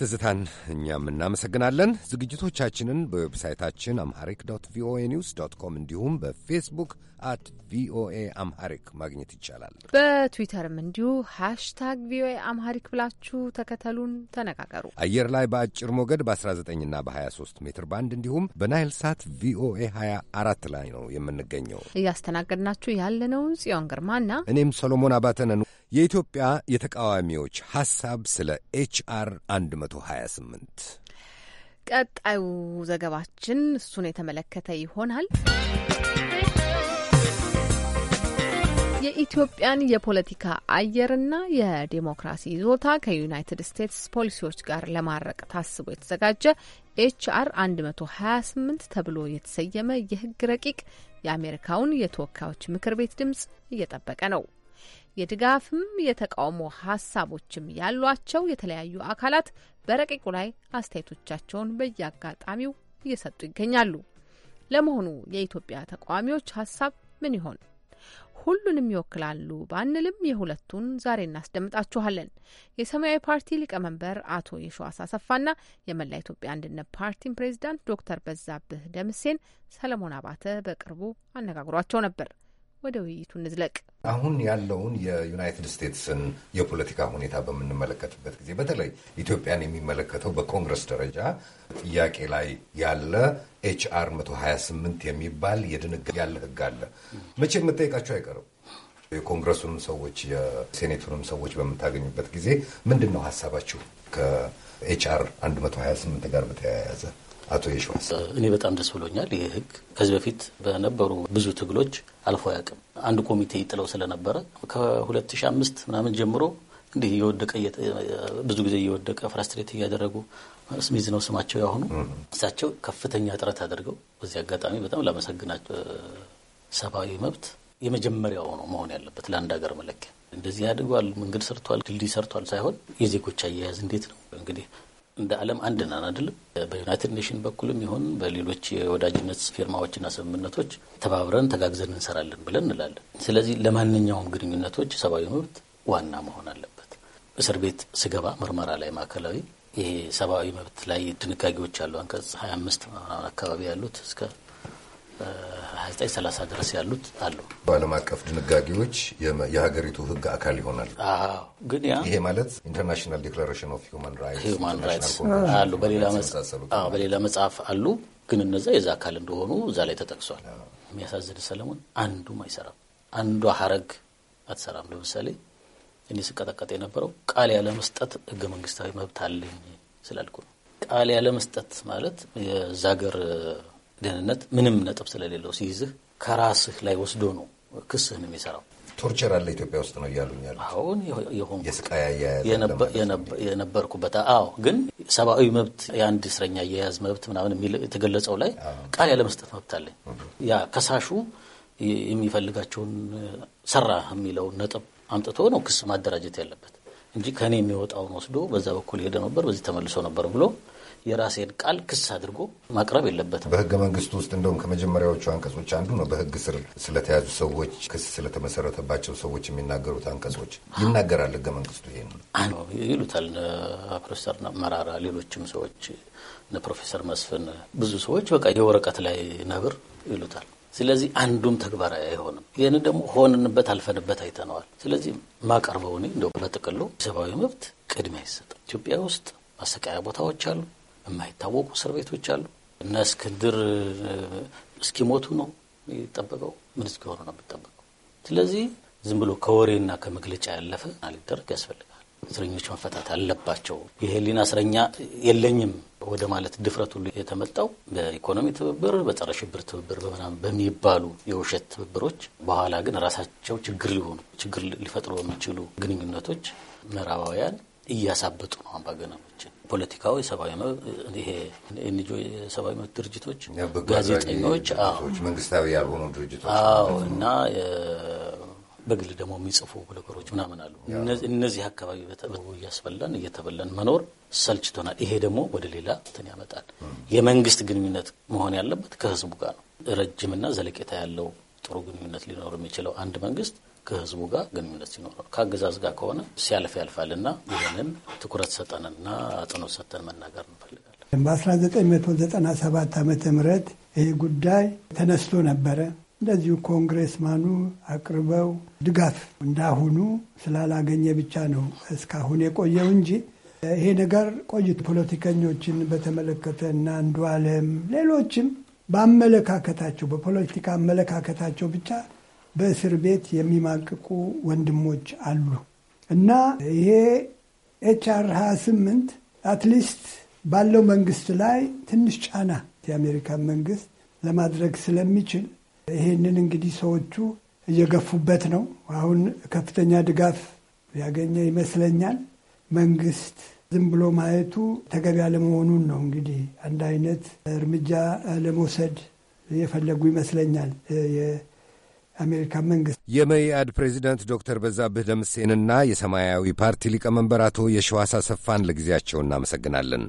Speaker 1: ትዝታን እኛም እናመሰግናለን። ዝግጅቶቻችንን በዌብሳይታችን አምሐሪክ ዶት ቪኦኤ ኒውስ ዶት ኮም እንዲሁም በፌስቡክ አት ቪኦኤ አምሐሪክ ማግኘት ይቻላል።
Speaker 2: በትዊተርም እንዲሁ ሃሽታግ ቪኦኤ አምሐሪክ ብላችሁ ተከተሉን፣ ተነጋገሩ።
Speaker 1: አየር ላይ በአጭር ሞገድ በ19ና በ23 ሜትር ባንድ እንዲሁም በናይል ሳት ቪኦኤ 24 ላይ ነው የምንገኘው።
Speaker 2: እያስተናገድናችሁ ያለነውን ጽዮን ግርማና
Speaker 1: እኔም ሰሎሞን አባተነን የኢትዮጵያ የተቃዋሚዎች ሐሳብ ስለ ኤችአር 128
Speaker 2: ቀጣዩ ዘገባችን እሱን የተመለከተ ይሆናል። የኢትዮጵያን የፖለቲካ አየርና የዴሞክራሲ ይዞታ ከዩናይትድ ስቴትስ ፖሊሲዎች ጋር ለማረቅ ታስቦ የተዘጋጀ ኤችአር 128 ተብሎ የተሰየመ የሕግ ረቂቅ የአሜሪካውን የተወካዮች ምክር ቤት ድምጽ እየጠበቀ ነው። የድጋፍም የተቃውሞ ሀሳቦችም ያሏቸው የተለያዩ አካላት በረቂቁ ላይ አስተያየቶቻቸውን በየአጋጣሚው እየሰጡ ይገኛሉ። ለመሆኑ የኢትዮጵያ ተቃዋሚዎች ሀሳብ ምን ይሆን? ሁሉንም ይወክላሉ ባንልም የሁለቱን ዛሬ እናስደምጣችኋለን። የሰማያዊ ፓርቲ ሊቀመንበር አቶ የሸዋስ አሰፋና የመላ ኢትዮጵያ አንድነት ፓርቲን ፕሬዚዳንት ዶክተር በዛብህ ደምሴን ሰለሞን አባተ በቅርቡ አነጋግሯቸው ነበር። ወደ ውይይቱ እንዝለቅ።
Speaker 1: አሁን ያለውን የዩናይትድ ስቴትስን የፖለቲካ ሁኔታ በምንመለከትበት ጊዜ በተለይ ኢትዮጵያን የሚመለከተው በኮንግረስ ደረጃ ጥያቄ ላይ ያለ ኤችአር 128 የሚባል የድንጋ ያለ ህግ አለ። መቼ የምጠይቃቸው አይቀርም። የኮንግረሱንም ሰዎች የሴኔቱንም ሰዎች በምታገኙበት ጊዜ ምንድን ነው ሀሳባችሁ ከኤችአር 128 ጋር በተያያዘ?
Speaker 7: አቶ የሸዋስ እኔ በጣም ደስ ብሎኛል። ይህ ህግ ከዚህ በፊት በነበሩ ብዙ ትግሎች አልፎ አያውቅም። አንድ ኮሚቴ ጥለው ስለነበረ ከ2005 ምናምን ጀምሮ እንዲህ እየወደቀ ብዙ ጊዜ እየወደቀ ፍራስትሬት እያደረጉ ስሚዝ ነው ስማቸው ያሁኑ እሳቸው ከፍተኛ ጥረት አድርገው በዚህ አጋጣሚ በጣም ላመሰግናቸው። ሰብአዊ መብት የመጀመሪያው ነው መሆን ያለበት ለአንድ ሀገር መለኪያ። እንደዚህ አድጓል፣ መንገድ ሰርቷል፣ ድልድይ ሰርቷል ሳይሆን የዜጎች አያያዝ እንዴት ነው እንግዲህ እንደ ዓለም አንድ ነን አይደለም። በዩናይትድ ኔሽን በኩልም ይሁን በሌሎች የወዳጅነት ፊርማዎችና ስምምነቶች ተባብረን ተጋግዘን እንሰራለን ብለን እንላለን። ስለዚህ ለማንኛውም ግንኙነቶች ሰብአዊ መብት ዋና መሆን አለበት። እስር ቤት ስገባ ምርመራ ላይ ማዕከላዊ ይሄ ሰብአዊ መብት ላይ ድንጋጌዎች አሉ። አንቀጽ አምስት አካባቢ ያሉት እስከ 2930 ድረስ ያሉት አሉ።
Speaker 1: በዓለም አቀፍ ድንጋጌዎች የሀገሪቱ ሕግ አካል ይሆናል። ግን ያ ይሄ ማለት ኢንተርናሽናል ዲክላሬሽን ኦፍ ሂውማን ራይትስ በሌላ መጽሐፍ
Speaker 7: አሉ። ግን እነዛ የዛ አካል እንደሆኑ እዛ ላይ ተጠቅሷል። የሚያሳዝን ሰለሞን፣ አንዱም አይሰራም። አንዷ ሀረግ አትሰራም። ለምሳሌ እኔ ስቀጠቀጥ የነበረው ቃል ያለመስጠት ህገ መንግስታዊ መብት አለኝ ስላልኩ ነው። ቃል ያለመስጠት ማለት የዛገር ደህንነት ምንም ነጥብ ስለሌለው ሲይዝህ ከራስህ ላይ ወስዶ ነው ክስህን የሚሰራው። ቶርቸር አለ ኢትዮጵያ ውስጥ ነው እያሉ አሁን የሆን የነበርኩበት አዎ። ግን ሰብአዊ መብት የአንድ እስረኛ አያያዝ መብት ምናምን የተገለጸው ላይ ቃል ያለመስጠት መብት አለኝ። ያ ከሳሹ የሚፈልጋቸውን ሰራ የሚለውን ነጥብ አምጥቶ ነው ክስ ማደራጀት ያለበት እንጂ ከእኔ የሚወጣውን ወስዶ በዛ በኩል ሄደ ነበር፣ በዚህ ተመልሶ ነበር ብሎ የራሴን ቃል ክስ አድርጎ
Speaker 1: ማቅረብ የለበትም። በህገ መንግስቱ ውስጥ እንደውም ከመጀመሪያዎቹ አንቀጾች አንዱ ነው። በህግ ስር ስለተያዙ ሰዎች፣ ክስ ስለተመሰረተባቸው ሰዎች የሚናገሩት አንቀጾች ይናገራል ህገ መንግስቱ። ይሄ
Speaker 7: ይሉታል ፕሮፌሰር መራራ፣ ሌሎችም ሰዎች ፕሮፌሰር መስፍን፣ ብዙ ሰዎች በቃ የወረቀት ላይ ነብር ይሉታል። ስለዚህ አንዱም ተግባራዊ አይሆንም። ይህን ደግሞ ሆንንበት አልፈንበት አይተነዋል። ስለዚህ ማቀርበው እኔ እንደው በጥቅሉ ሰብአዊ መብት ቅድሚያ ይሰጣል። ኢትዮጵያ ውስጥ ማሰቃያ ቦታዎች አሉ። የማይታወቁ እስር ቤቶች አሉ። እነ እስክንድር እስኪሞቱ ነው የሚጠበቀው? ምን እስኪሆኑ ነው የሚጠበቀው? ስለዚህ ዝም ብሎ ከወሬና ከመግለጫ ያለፈ ሊደረግ ያስፈልጋል። እስረኞች መፈታት አለባቸው። የህሊና እስረኛ የለኝም ወደ ማለት ድፍረት ሁሉ የተመጣው በኢኮኖሚ ትብብር፣ በጸረ ሽብር ትብብር በምናምን በሚባሉ የውሸት ትብብሮች በኋላ ግን ራሳቸው ችግር ሊሆኑ ችግር ሊፈጥሩ በሚችሉ ግንኙነቶች ምዕራባውያን እያሳበጡ ነው አምባገነኑ ፖለቲካው፣ የሰብአዊ መብት ይሄ የሰብአዊ መብት ድርጅቶች፣ ጋዜጠኞች፣ መንግስታዊ ያልሆኑ ድርጅቶች እና በግል ደግሞ የሚጽፉ ነገሮች ምናምን አሉ። እነዚህ አካባቢ እያስበላን እየተበላን መኖር ሰልችቶናል። ይሄ ደግሞ ወደ ሌላ እንትን ያመጣል። የመንግስት ግንኙነት መሆን ያለበት ከህዝቡ ጋር ነው። ረጅምና ዘለቄታ ያለው ጥሩ ግንኙነት ሊኖር የሚችለው አንድ መንግስት ከህዝቡ ጋር ግንኙነት ሲኖረው፣ ከአገዛዝ ጋር ከሆነ ሲያልፍ ያልፋል እና ይህንን ትኩረት ሰጠንና አጽንኦት ሰጠን መናገር እንፈልጋለን።
Speaker 8: በ1997 ዓመተ ም ይህ ጉዳይ ተነስቶ ነበረ። እንደዚሁ ኮንግሬስማኑ አቅርበው ድጋፍ እንዳሁኑ ስላላገኘ ብቻ ነው እስካሁን የቆየው እንጂ ይሄ ነገር ቆይት ፖለቲከኞችን በተመለከተ እና አንዱ አለም ሌሎችም በአመለካከታቸው በፖለቲካ አመለካከታቸው ብቻ በእስር ቤት የሚማቅቁ ወንድሞች አሉ እና ይሄ ኤች አር 28 አትሊስት ባለው መንግስት ላይ ትንሽ ጫና የአሜሪካን መንግስት ለማድረግ ስለሚችል ይሄንን እንግዲህ ሰዎቹ እየገፉበት ነው። አሁን ከፍተኛ ድጋፍ ያገኘ ይመስለኛል። መንግስት ዝም ብሎ ማየቱ ተገቢ አለመሆኑን ነው እንግዲህ አንድ አይነት እርምጃ ለመውሰድ የፈለጉ ይመስለኛል። አሜሪካ መንግስት
Speaker 1: የመኢአድ ፕሬዚዳንት ዶክተር በዛብህ ደምሴንና የሰማያዊ ፓርቲ ሊቀመንበር አቶ የሸዋስ አሰፋን ለጊዜያቸው እናመሰግናለን።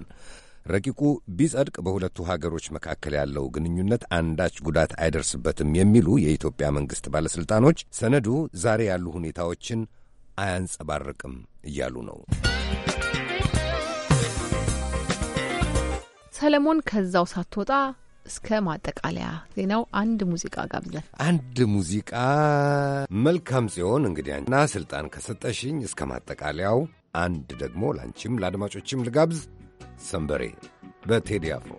Speaker 1: ረቂቁ ቢጸድቅ በሁለቱ ሀገሮች መካከል ያለው ግንኙነት አንዳች ጉዳት አይደርስበትም የሚሉ የኢትዮጵያ መንግስት ባለሥልጣኖች ሰነዱ ዛሬ ያሉ ሁኔታዎችን አያንጸባርቅም እያሉ ነው።
Speaker 2: ሰለሞን ከዛው ሳትወጣ እስከ ማጠቃለያ ዜናው አንድ ሙዚቃ ጋብዘን
Speaker 1: አንድ ሙዚቃ መልካም ጽዮን እንግዲህና ስልጣን ከሰጠሽኝ እስከ ማጠቃለያው አንድ ደግሞ ላንቺም ለአድማጮችም ልጋብዝ ሰንበሬ በቴዲ አፍሮ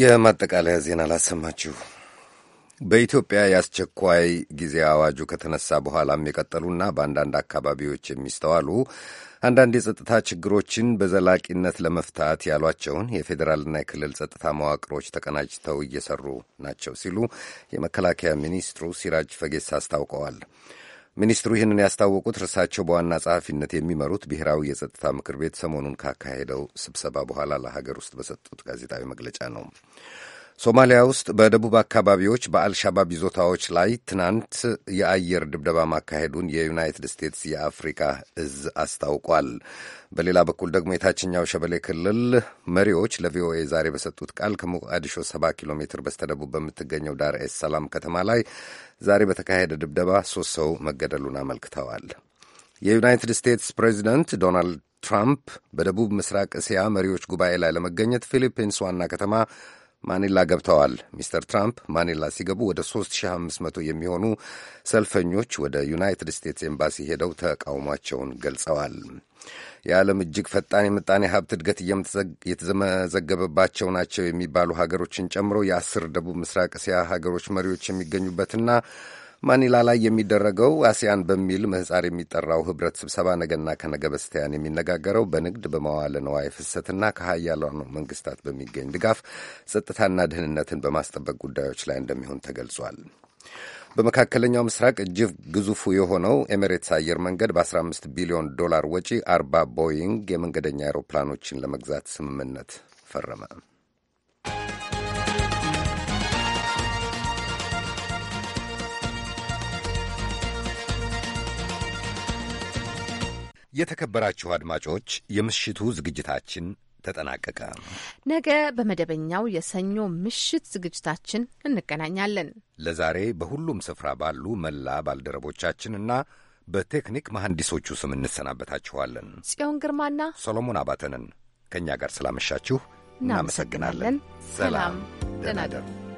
Speaker 1: የማጠቃለያ ዜና ላሰማችሁ። በኢትዮጵያ የአስቸኳይ ጊዜ አዋጁ ከተነሳ በኋላም የቀጠሉና በአንዳንድ አካባቢዎች የሚስተዋሉ አንዳንድ የጸጥታ ችግሮችን በዘላቂነት ለመፍታት ያሏቸውን የፌዴራልና የክልል ጸጥታ መዋቅሮች ተቀናጅተው እየሰሩ ናቸው ሲሉ የመከላከያ ሚኒስትሩ ሲራጅ ፈጌሳ አስታውቀዋል። ሚኒስትሩ ይህንን ያስታወቁት እርሳቸው በዋና ጸሐፊነት የሚመሩት ብሔራዊ የጸጥታ ምክር ቤት ሰሞኑን ካካሄደው ስብሰባ በኋላ ለሀገር ውስጥ በሰጡት ጋዜጣዊ መግለጫ ነው። ሶማሊያ ውስጥ በደቡብ አካባቢዎች በአልሻባብ ይዞታዎች ላይ ትናንት የአየር ድብደባ ማካሄዱን የዩናይትድ ስቴትስ የአፍሪካ እዝ አስታውቋል። በሌላ በኩል ደግሞ የታችኛው ሸበሌ ክልል መሪዎች ለቪኦኤ ዛሬ በሰጡት ቃል ከሞቃዲሾ 7 ኪሎ ሜትር በስተደቡብ በምትገኘው ዳር ኤስ ሰላም ከተማ ላይ ዛሬ በተካሄደ ድብደባ ሦስት ሰው መገደሉን አመልክተዋል። የዩናይትድ ስቴትስ ፕሬዚደንት ዶናልድ ትራምፕ በደቡብ ምስራቅ እስያ መሪዎች ጉባኤ ላይ ለመገኘት ፊሊፒንስ ዋና ከተማ ማኒላ ገብተዋል። ሚስተር ትራምፕ ማኒላ ሲገቡ ወደ 3500 የሚሆኑ ሰልፈኞች ወደ ዩናይትድ ስቴትስ ኤምባሲ ሄደው ተቃውሟቸውን ገልጸዋል። የዓለም እጅግ ፈጣን የምጣኔ ሀብት እድገት የተመዘገበባቸው ናቸው የሚባሉ ሀገሮችን ጨምሮ የአስር ደቡብ ምስራቅ እስያ ሀገሮች መሪዎች የሚገኙበትና ማኒላ ላይ የሚደረገው አሲያን በሚል ምህጻር የሚጠራው ህብረት ስብሰባ ነገና ከነገ በስቲያን የሚነጋገረው በንግድ በመዋለ ነዋይ ፍሰትና ከሀያላኑ መንግስታት በሚገኝ ድጋፍ ጸጥታና ደህንነትን በማስጠበቅ ጉዳዮች ላይ እንደሚሆን ተገልጿል። በመካከለኛው ምስራቅ እጅግ ግዙፉ የሆነው ኤሜሬትስ አየር መንገድ በ15 ቢሊዮን ዶላር ወጪ አርባ ቦይንግ የመንገደኛ አውሮፕላኖችን ለመግዛት ስምምነት ፈረመ። የተከበራችሁ አድማጮች የምሽቱ ዝግጅታችን ተጠናቀቀ።
Speaker 2: ነገ በመደበኛው የሰኞ ምሽት ዝግጅታችን እንገናኛለን።
Speaker 1: ለዛሬ በሁሉም ስፍራ ባሉ መላ ባልደረቦቻችንና በቴክኒክ መሐንዲሶቹ ስም እንሰናበታችኋለን።
Speaker 2: ጽዮን ግርማና
Speaker 1: ሰሎሞን አባተንን ከእኛ ጋር ስላመሻችሁ እናመሰግናለን። ሰላም
Speaker 2: ደናደሩ።